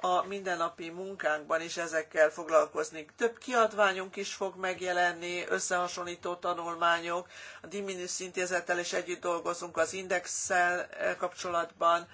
a mindennapi munkánkban is ezekkel foglalkozni. Több kiadványunk is fog megjelenni, összehasonlító tanulmányok, a Diminus intézettel is együtt dolgozunk az indexsel eh, kapcsolatban.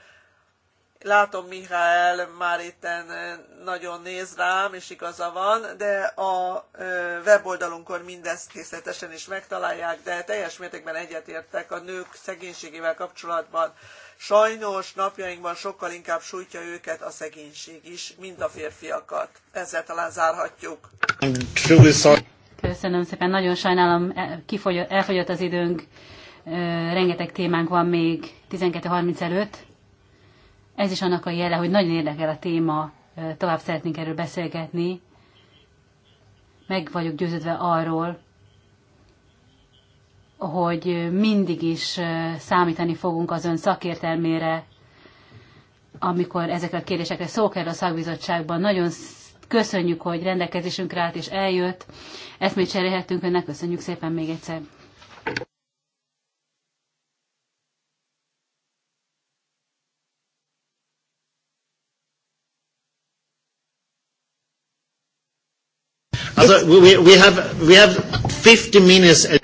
Látom, Mihály már itten eh, nagyon néz rám, és igaza van, de a eh, weboldalunkon mindezt készletesen is megtalálják, de teljes mértékben egyetértek a nők szegénységével kapcsolatban Sajnos napjainkban sokkal inkább sújtja őket a szegénység is, mint a férfiakat. Ezzel talán zárhatjuk. Köszönöm szépen, nagyon sajnálom, e, elfogyott az időnk, rengeteg témánk van még 12.30 előtt. Ez is annak a jele, hogy nagyon érdekel a téma, tovább szeretnénk erről beszélgetni. Meg vagyok győződve arról, hogy mindig is számítani fogunk az ön szakértelmére, amikor ezekre a kérdésekre szó kell a szakbizottságban. Nagyon köszönjük, hogy rendelkezésünkre állt és eljött. Ezt még cserélhettünk önnek. Köszönjük szépen még egyszer. Also we, we have we have 50 minutes.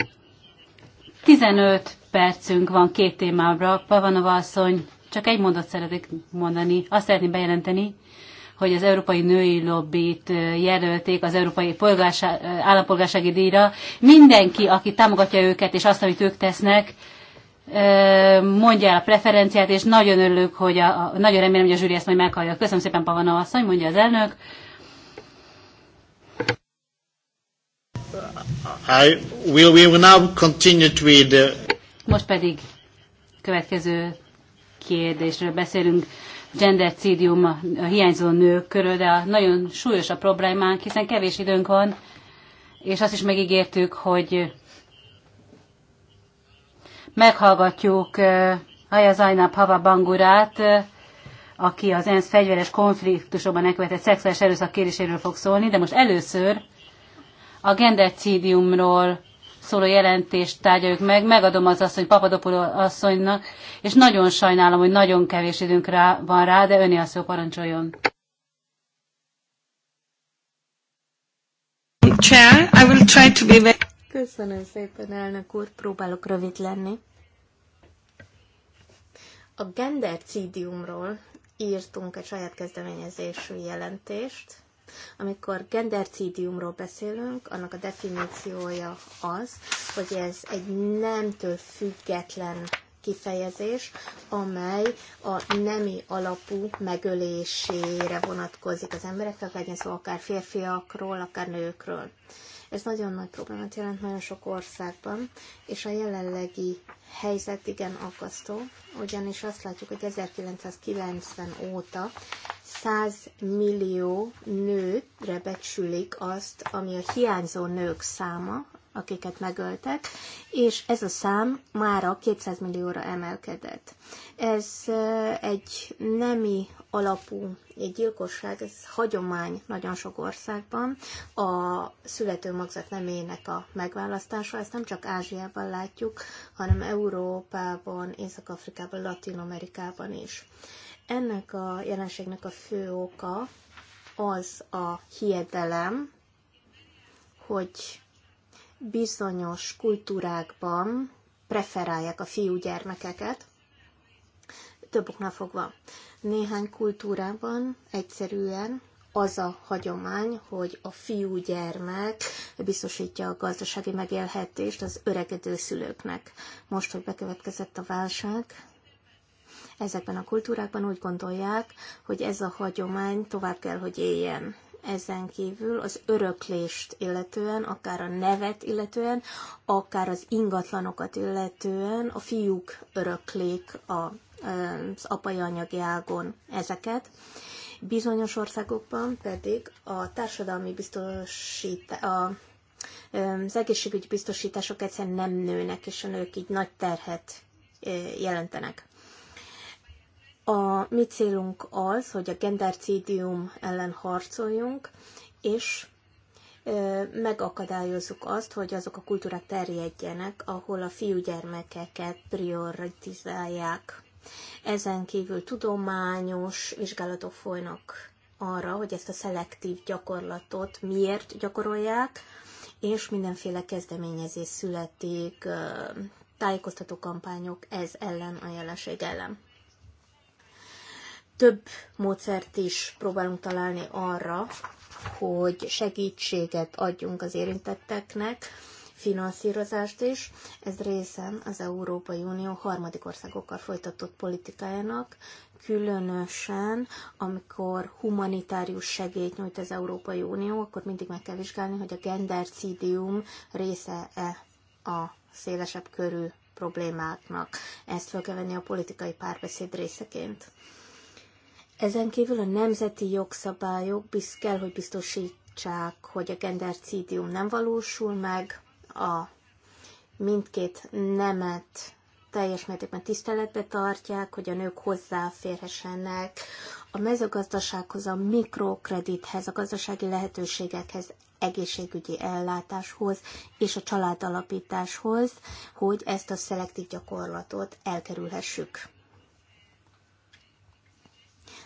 15 percünk van két témára. Pavanova asszony, csak egy mondat szeretnék mondani. Azt szeretném bejelenteni, hogy az Európai Női Lobbit jelölték az Európai Polgárság, Állampolgársági Díjra. Mindenki, aki támogatja őket és azt, amit ők tesznek, mondja el a preferenciát, és nagyon örülök, hogy a, nagyon remélem, hogy a zsűri ezt majd meghallja. Köszönöm szépen, Pavanova asszony, mondja az elnök. I will, we will now continue with Most pedig következő kérdésről beszélünk, gendercidium, a hiányzó nők körül, de a nagyon súlyos a problémánk, hiszen kevés időnk van, és azt is megígértük, hogy meghallgatjuk Haja eh, Zajnap Hava Bangurát, eh, aki az ENSZ fegyveres konfliktusokban elkövetett szexuális erőszak kéréséről fog szólni, de most először a gendercídiumról szóló jelentést tárgyaljuk meg. Megadom az asszony, papadopuló asszonynak, és nagyon sajnálom, hogy nagyon kevés időnk rá, van rá, de öné a szó parancsoljon. Chair, I will try to be very... Köszönöm szépen, elnök úr, próbálok rövid lenni. A gendercidiumról írtunk egy saját kezdeményezésű jelentést, amikor gendercidiumról beszélünk, annak a definíciója az, hogy ez egy nemtől független kifejezés, amely a nemi alapú megölésére vonatkozik az emberekre, legyen szó akár férfiakról, akár nőkről. Ez nagyon nagy problémát jelent nagyon sok országban, és a jelenlegi helyzet igen akasztó, ugyanis azt látjuk, hogy 1990 óta 100 millió nőre becsülik azt, ami a hiányzó nők száma, akiket megöltek, és ez a szám mára 200 millióra emelkedett. Ez egy nemi alapú egy gyilkosság, ez hagyomány nagyon sok országban, a születő magzat nemének a megválasztása, ezt nem csak Ázsiában látjuk, hanem Európában, Észak-Afrikában, Latin-Amerikában is. Ennek a jelenségnek a fő oka az a hiedelem, hogy bizonyos kultúrákban preferálják a fiúgyermekeket, több oknál fogva. Néhány kultúrában egyszerűen az a hagyomány, hogy a fiúgyermek biztosítja a gazdasági megélhetést az öregedő szülőknek. Most, hogy bekövetkezett a válság, Ezekben a kultúrákban úgy gondolják, hogy ez a hagyomány tovább kell, hogy éljen. Ezen kívül az öröklést illetően, akár a nevet illetően, akár az ingatlanokat illetően a fiúk öröklék a, az apai anyagi ágon ezeket. Bizonyos országokban pedig a társadalmi biztosítás, az egészségügyi biztosítások egyszerűen nem nőnek, és a nők így nagy terhet jelentenek. A mi célunk az, hogy a gendercidium ellen harcoljunk, és megakadályozzuk azt, hogy azok a kultúrák terjedjenek, ahol a fiúgyermekeket prioritizálják. Ezen kívül tudományos vizsgálatok folynak arra, hogy ezt a szelektív gyakorlatot miért gyakorolják, és mindenféle kezdeményezés születik, tájékoztató kampányok ez ellen, a jelenség ellen több módszert is próbálunk találni arra, hogy segítséget adjunk az érintetteknek, finanszírozást is. Ez részen az Európai Unió harmadik országokkal folytatott politikájának, különösen amikor humanitárius segélyt nyújt az Európai Unió, akkor mindig meg kell vizsgálni, hogy a gendercidium része-e a szélesebb körű problémáknak. Ezt fel kell venni a politikai párbeszéd részeként. Ezen kívül a nemzeti jogszabályok biz, kell, hogy biztosítsák, hogy a gendercidium nem valósul meg, a mindkét nemet teljes mértékben tiszteletbe tartják, hogy a nők hozzáférhessenek a mezőgazdasághoz, a mikrokredithez, a gazdasági lehetőségekhez, egészségügyi ellátáshoz és a családalapításhoz, hogy ezt a szelektív gyakorlatot elkerülhessük.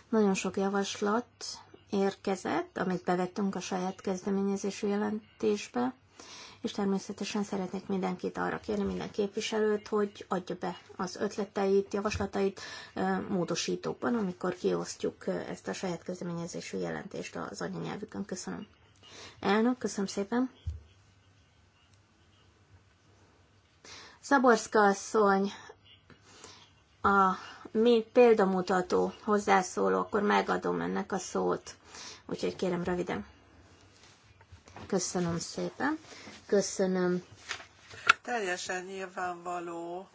Nagyon sok javaslat érkezett, amit bevettünk a saját kezdeményezésű jelentésbe, és természetesen szeretnék mindenkit arra kérni, minden képviselőt, hogy adja be az ötleteit, javaslatait módosítókban, amikor kiosztjuk ezt a saját kezdeményezésű jelentést az anyanyelvükön. Köszönöm. Elnök, köszönöm szépen. Szaborszka asszony, a mint példamutató hozzászóló, akkor megadom ennek a szót. Úgyhogy kérem röviden. Köszönöm szépen. Köszönöm. Teljesen nyilvánvaló,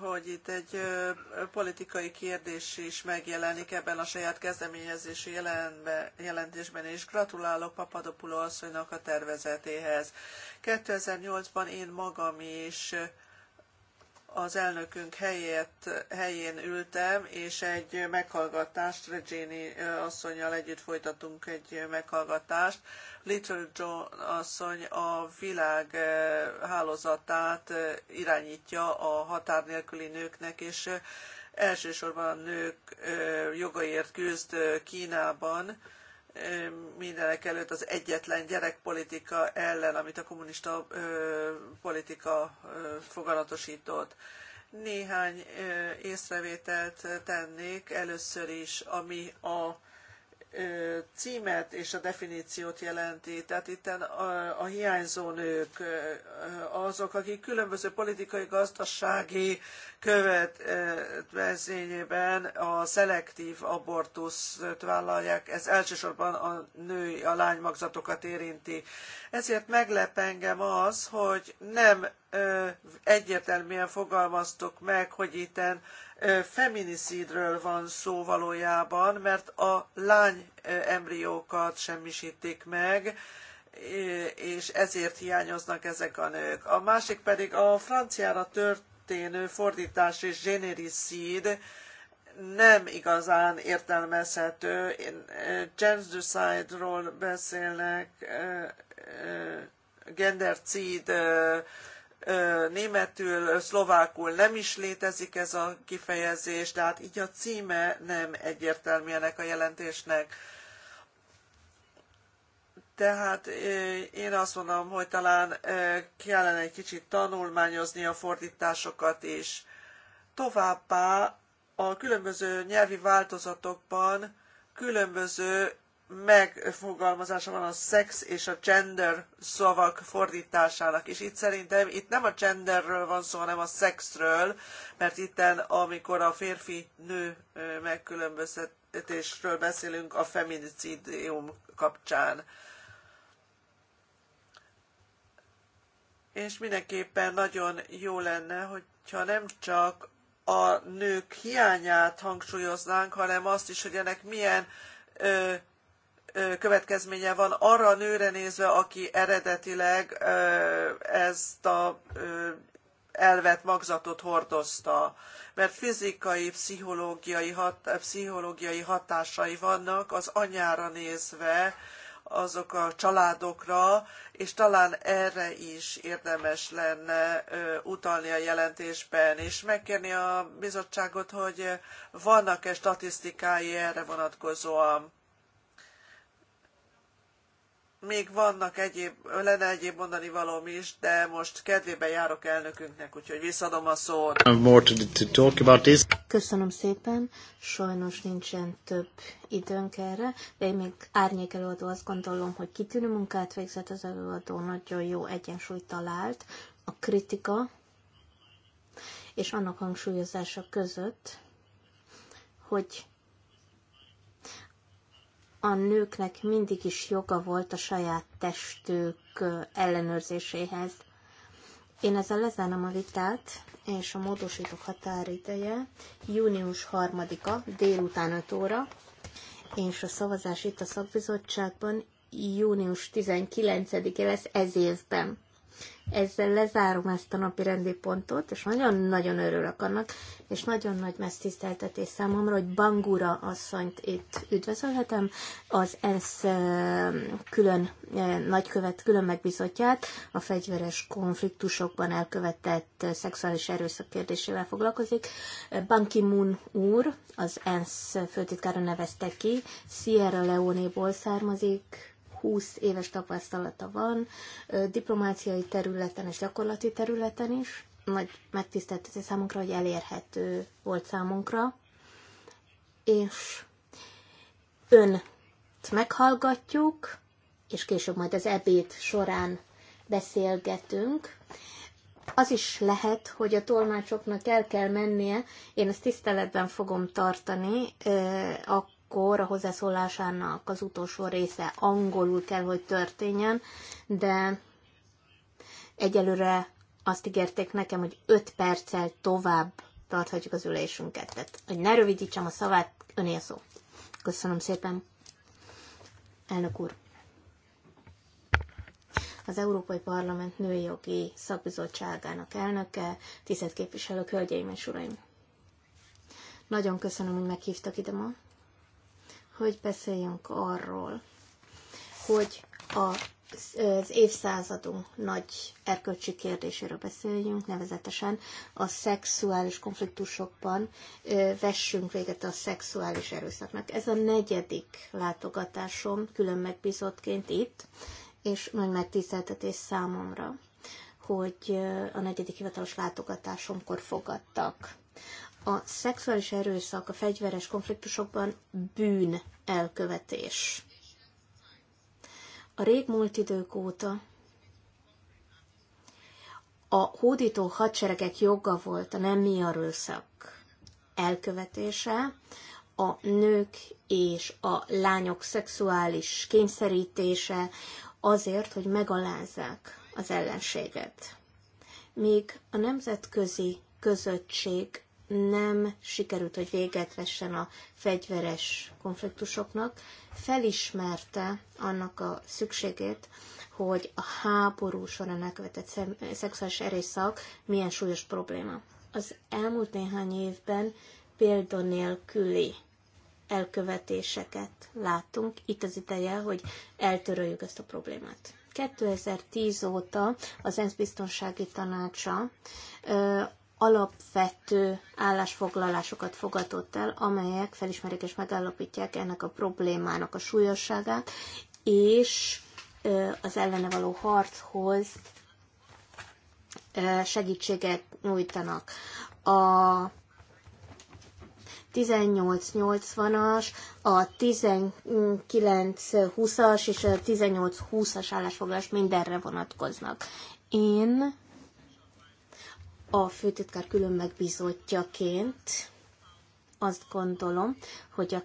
hogy itt egy politikai kérdés is megjelenik ebben a saját kezdeményezési jelenbe, jelentésben, és gratulálok Papadopulo asszonynak a tervezetéhez. 2008-ban én magam is az elnökünk helyét helyén ültem, és egy meghallgatást, Regini asszonyjal együtt folytatunk egy meghallgatást. Little John asszony a világ hálózatát irányítja a határ nélküli nőknek, és elsősorban a nők jogaiért küzd Kínában mindenek előtt az egyetlen gyerekpolitika ellen, amit a kommunista ö, politika ö, foganatosított. Néhány ö, észrevételt tennék először is, ami a címet és a definíciót jelenti. Tehát itt a, a hiányzó nők, azok, akik különböző politikai, gazdasági követvezményében a szelektív abortuszt vállalják, ez elsősorban a női, a lánymagzatokat érinti. Ezért meglep engem az, hogy nem egyértelműen fogalmaztuk meg, hogy itten feminiszídről van szó valójában, mert a lány embriókat semmisítik meg, és ezért hiányoznak ezek a nők. A másik pedig a franciára történő fordítás és genericid nem igazán értelmezhető. Gendercide-ról beszélnek, gendercid németül, szlovákul nem is létezik ez a kifejezés, tehát így a címe nem egyértelmű ennek a jelentésnek. Tehát én azt mondom, hogy talán kellene egy kicsit tanulmányozni a fordításokat is. Továbbá a különböző nyelvi változatokban különböző megfogalmazása van a szex és a gender szavak fordításának, és itt szerintem itt nem a genderről van szó, hanem a szexről, mert itten, amikor a férfi-nő megkülönböztetésről beszélünk a feminicidium kapcsán. És mindenképpen nagyon jó lenne, hogyha nem csak a nők hiányát hangsúlyoznánk, hanem azt is, hogy ennek milyen ö, következménye van arra a nőre nézve, aki eredetileg ezt a elvet, magzatot hordozta, mert fizikai, pszichológiai, hat, pszichológiai hatásai vannak az anyára nézve, azok a családokra, és talán erre is érdemes lenne utalni a jelentésben, és megkérni a bizottságot, hogy vannak-e statisztikái erre vonatkozóan még vannak egyéb, lenne egyéb mondani valóm is, de most kedvében járok elnökünknek, úgyhogy visszadom a szót. Köszönöm szépen, sajnos nincsen több időnk erre, de én még árnyék előadó azt gondolom, hogy kitűnő munkát végzett az előadó, nagyon jó egyensúlyt talált a kritika és annak hangsúlyozása között, hogy a nőknek mindig is joga volt a saját testük ellenőrzéséhez. Én ezzel lezárom a vitát, és a módosítók határideje június 3-a délután 5 óra, és a szavazás itt a szakbizottságban június 19-e lesz ez évben. Ezzel lezárom ezt a napi rendi pontot, és nagyon-nagyon örülök annak, és nagyon nagy megtiszteltetés számomra, hogy Bangura asszonyt itt üdvözölhetem, az ENSZ külön nagykövet, külön megbizotját, a fegyveres konfliktusokban elkövetett szexuális erőszak kérdésével foglalkozik. Ban Ki-moon úr, az ENSZ főtitkára nevezte ki, Sierra Leone-ból származik, 20 éves tapasztalata van, diplomáciai területen és gyakorlati területen is. Nagy megtiszteltetés számunkra, hogy elérhető volt számunkra. És ön meghallgatjuk, és később majd az ebéd során beszélgetünk. Az is lehet, hogy a tolmácsoknak el kell mennie, én ezt tiszteletben fogom tartani, akkor a hozzászólásának az utolsó része angolul kell, hogy történjen, de egyelőre azt ígérték nekem, hogy 5 perccel tovább tarthatjuk az ülésünket. Tehát, hogy ne rövidítsem a szavát, öné a szó. Köszönöm szépen. Elnök úr. Az Európai Parlament Nőjogi Szakbizottságának elnöke, tisztelt képviselők, hölgyeim és uraim. Nagyon köszönöm, hogy meghívtak ide ma hogy beszéljünk arról, hogy a az évszázadunk nagy erkölcsi kérdéséről beszéljünk, nevezetesen a szexuális konfliktusokban vessünk véget a szexuális erőszaknak. Ez a negyedik látogatásom külön megbízottként itt, és nagy megtiszteltetés számomra, hogy a negyedik hivatalos látogatásomkor fogadtak a szexuális erőszak a fegyveres konfliktusokban bűn elkövetés. A régmúlt idők óta a hódító hadseregek joga volt a nemi erőszak elkövetése, a nők és a lányok szexuális kényszerítése azért, hogy megalázzák az ellenséget. Míg a nemzetközi közösség nem sikerült, hogy véget vessen a fegyveres konfliktusoknak, felismerte annak a szükségét, hogy a háború során elkövetett szexuális erőszak milyen súlyos probléma. Az elmúlt néhány évben példanélküli elkövetéseket látunk. Itt az ideje, hogy eltöröljük ezt a problémát. 2010 óta az ENSZ biztonsági tanácsa alapvető állásfoglalásokat fogadott el, amelyek felismerik és megállapítják ennek a problémának a súlyosságát, és az ellene való harchoz segítséget nyújtanak. A 1880-as, a 1920-as és a 1820-as állásfoglalás mindenre vonatkoznak. Én a főtitkár külön megbízottjaként azt gondolom, hogy a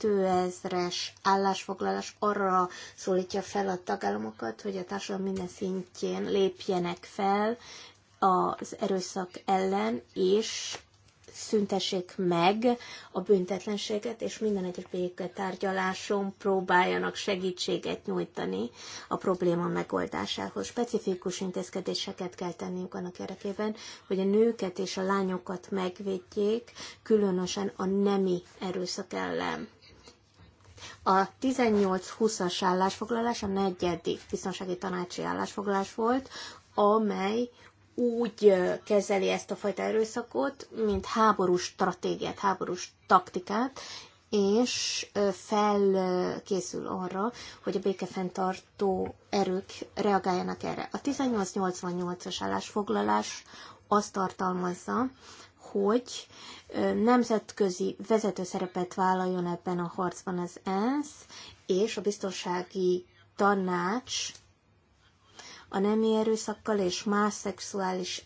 2000-es állásfoglalás arra szólítja fel a tagállamokat, hogy a társadalom minden szintjén lépjenek fel az erőszak ellen, és szüntessék meg a büntetlenséget, és minden egyes béketárgyaláson próbáljanak segítséget nyújtani a probléma megoldásához. Specifikus intézkedéseket kell tenniük annak érdekében, hogy a nőket és a lányokat megvédjék, különösen a nemi erőszak ellen. A 18-20-as állásfoglalás a negyedik biztonsági tanácsi állásfoglalás volt, amely úgy kezeli ezt a fajta erőszakot, mint háborús stratégiát, háborús taktikát, és felkészül arra, hogy a békefenntartó erők reagáljanak erre. A 1888-as állásfoglalás azt tartalmazza, hogy nemzetközi vezető szerepet vállaljon ebben a harcban az ENSZ, és a biztonsági tanács a nemi erőszakkal és más szexuális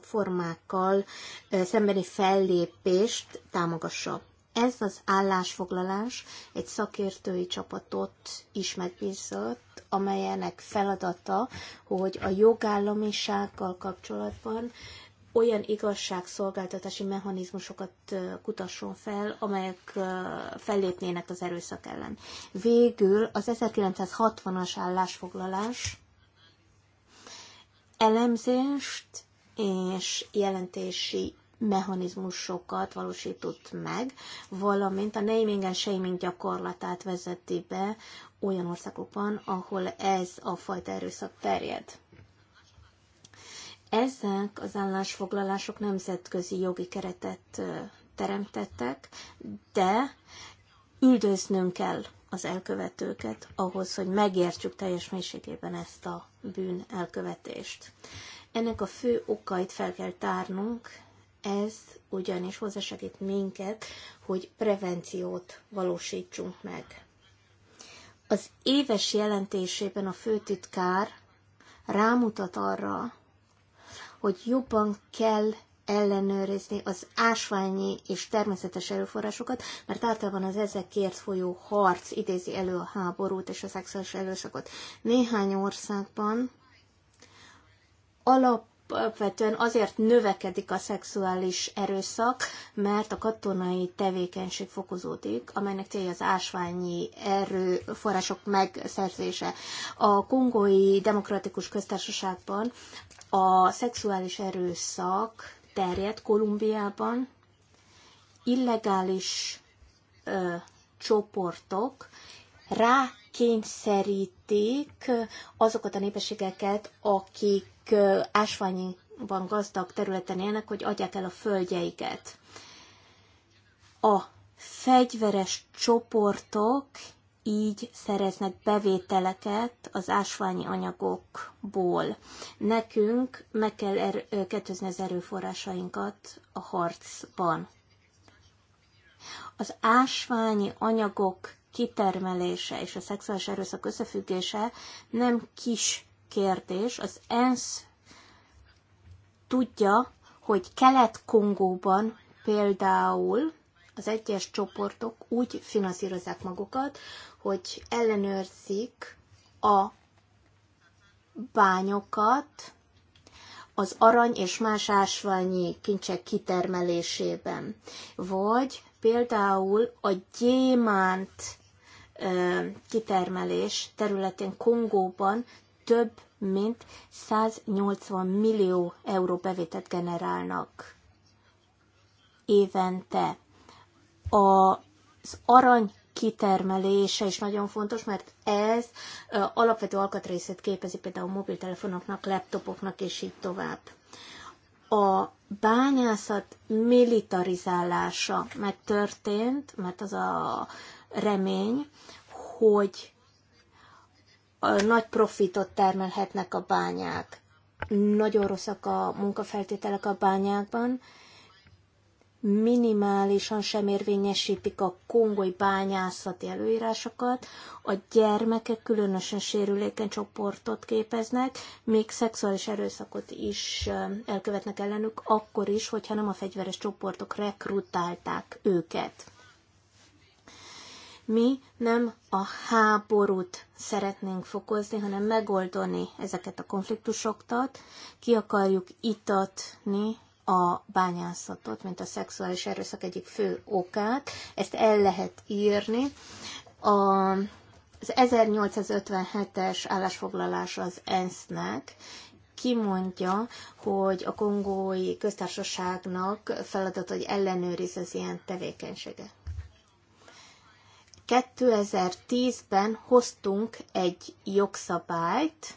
formákkal szembeni fellépést támogassa. Ez az állásfoglalás egy szakértői csapatot is megbízott, amelyenek feladata, hogy a jogállamisággal kapcsolatban olyan igazságszolgáltatási mechanizmusokat kutasson fel, amelyek fellépnének az erőszak ellen. Végül az 1960-as állásfoglalás elemzést és jelentési mechanizmusokat valósított meg, valamint a naming and shaming gyakorlatát vezeti be olyan országokban, ahol ez a fajta erőszak terjed. Ezek az állásfoglalások nemzetközi jogi keretet teremtettek, de üldöznünk kell az elkövetőket ahhoz, hogy megértsük teljes mélységében ezt a bűn elkövetést. Ennek a fő okait fel kell tárnunk, ez ugyanis hozzásegít minket, hogy prevenciót valósítsunk meg. Az éves jelentésében a főtitkár rámutat arra, hogy jobban kell ellenőrizni az ásványi és természetes erőforrásokat, mert általában az ezekért folyó harc idézi elő a háborút és a szexuális erőszakot. Néhány országban alapvetően azért növekedik a szexuális erőszak, mert a katonai tevékenység fokozódik, amelynek célja az ásványi erőforrások megszerzése. A kongói demokratikus köztársaságban a szexuális erőszak terjed Kolumbiában, illegális ö, csoportok rákényszerítik azokat a népességeket, akik ö, ásványban gazdag területen élnek, hogy adják el a földjeiket. A fegyveres csoportok így szereznek bevételeket az ásványi anyagokból. Nekünk meg kell er- kötözni az erőforrásainkat a harcban. Az ásványi anyagok kitermelése és a szexuális erőszak összefüggése nem kis kérdés. Az ENSZ tudja, hogy Kelet-Kongóban például az egyes csoportok úgy finanszírozzák magukat, hogy ellenőrzik a bányokat az arany és más ásványi kincsek kitermelésében. Vagy például a gyémánt kitermelés területén Kongóban több mint 180 millió euró bevételt generálnak évente. Az arany kitermelése is nagyon fontos, mert ez alapvető alkatrészét képezi például mobiltelefonoknak, laptopoknak és így tovább. A bányászat militarizálása megtörtént, mert az a remény, hogy nagy profitot termelhetnek a bányák. Nagyon rosszak a munkafeltételek a bányákban, minimálisan sem érvényesítik a kongoly bányászati előírásokat, a gyermekek különösen sérülékeny csoportot képeznek, még szexuális erőszakot is eh, elkövetnek ellenük, akkor is, hogyha nem a fegyveres csoportok rekrutálták őket. Mi nem a háborút szeretnénk fokozni, hanem megoldani ezeket a konfliktusokat, ki akarjuk itatni a bányászatot, mint a szexuális erőszak egyik fő okát. Ezt el lehet írni. A, az 1857-es állásfoglalás az ENSZ-nek kimondja, hogy a kongói köztársaságnak feladat, hogy ellenőrizze az ilyen tevékenységet. 2010-ben hoztunk egy jogszabályt,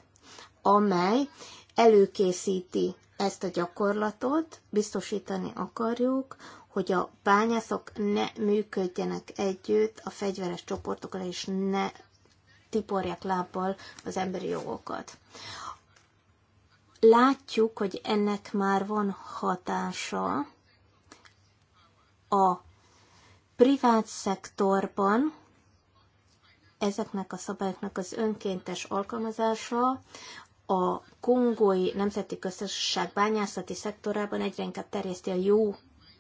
amely előkészíti ezt a gyakorlatot, biztosítani akarjuk, hogy a bányászok ne működjenek együtt a fegyveres csoportokra, és ne tiporják lábbal az emberi jogokat. Látjuk, hogy ennek már van hatása a privát szektorban, ezeknek a szabályoknak az önkéntes alkalmazása a kongói nemzeti közösség bányászati szektorában egyre inkább terjeszti a jó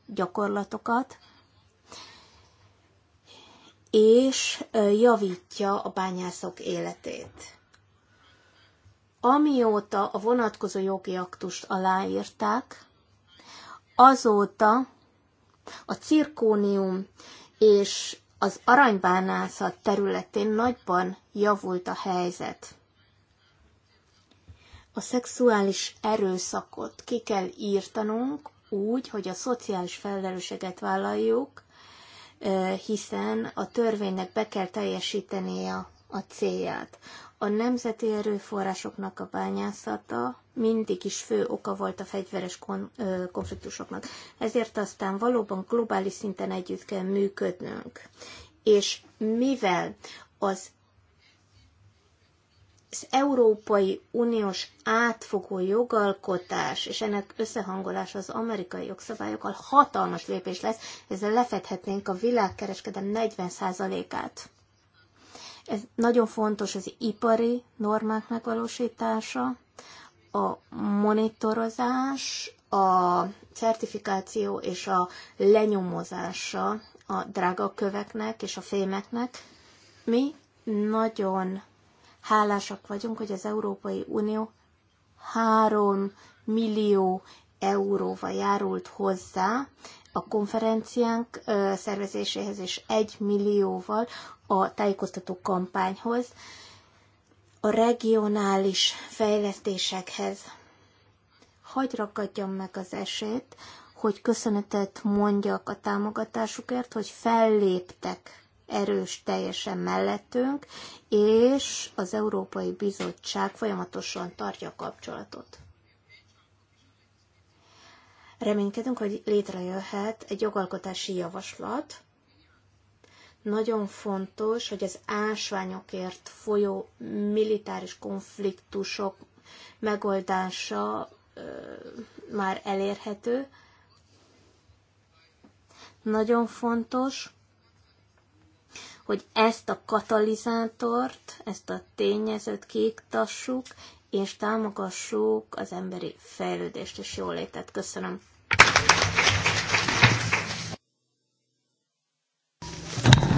gyakorlatokat, és javítja a bányászok életét. Amióta a vonatkozó jogi aktust aláírták, azóta a cirkónium és az aranybányászat területén nagyban javult a helyzet. A szexuális erőszakot ki kell írtanunk úgy, hogy a szociális felelősséget vállaljuk, hiszen a törvénynek be kell teljesítenie a célját. A nemzeti erőforrásoknak a bányászata mindig is fő oka volt a fegyveres konfliktusoknak. Ezért aztán valóban globális szinten együtt kell működnünk. És mivel az az Európai Uniós átfogó jogalkotás és ennek összehangolása az amerikai jogszabályokkal hatalmas lépés lesz, ezzel lefedhetnénk a világkereskedelem 40%-át. Ez nagyon fontos az ipari normák megvalósítása, a monitorozás, a certifikáció és a lenyomozása a drágaköveknek és a fémeknek. Mi nagyon Hálásak vagyunk, hogy az Európai Unió 3 millió euróval járult hozzá a konferenciánk szervezéséhez, és 1 millióval a tájékoztató kampányhoz, a regionális fejlesztésekhez. Hagy ragadjam meg az esét, hogy köszönetet mondjak a támogatásukért, hogy felléptek erős teljesen mellettünk, és az Európai Bizottság folyamatosan tartja a kapcsolatot. Reménykedünk, hogy létrejöhet egy jogalkotási javaslat. Nagyon fontos, hogy az ásványokért folyó militáris konfliktusok megoldása ö, már elérhető. Nagyon fontos, hogy ezt a katalizátort, ezt a tényezőt kiiktassuk, és támogassuk az emberi fejlődést és jólétet. Köszönöm.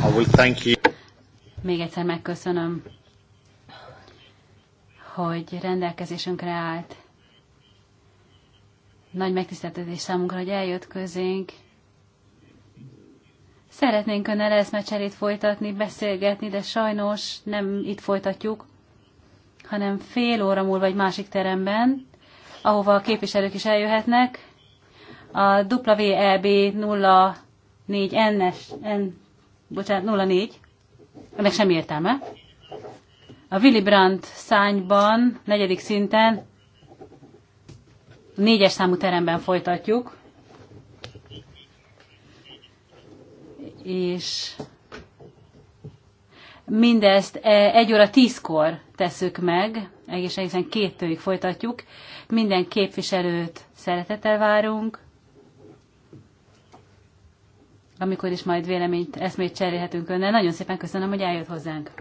Oh, Még egyszer megköszönöm, hogy rendelkezésünkre állt. Nagy megtiszteltetés számunkra, hogy eljött közénk, Szeretnénk önnel eszmecserét folytatni, beszélgetni, de sajnos nem itt folytatjuk, hanem fél óra múlva egy másik teremben, ahova a képviselők is eljöhetnek, a WEB 04 n N, bocsánat, 04, ennek sem értelme. A Willy Brandt szányban, negyedik szinten, négyes számú teremben folytatjuk. és mindezt e, egy óra tízkor tesszük meg, egész egészen kettőig folytatjuk. Minden képviselőt szeretettel várunk, amikor is majd véleményt, eszmét cserélhetünk önnel. Nagyon szépen köszönöm, hogy eljött hozzánk.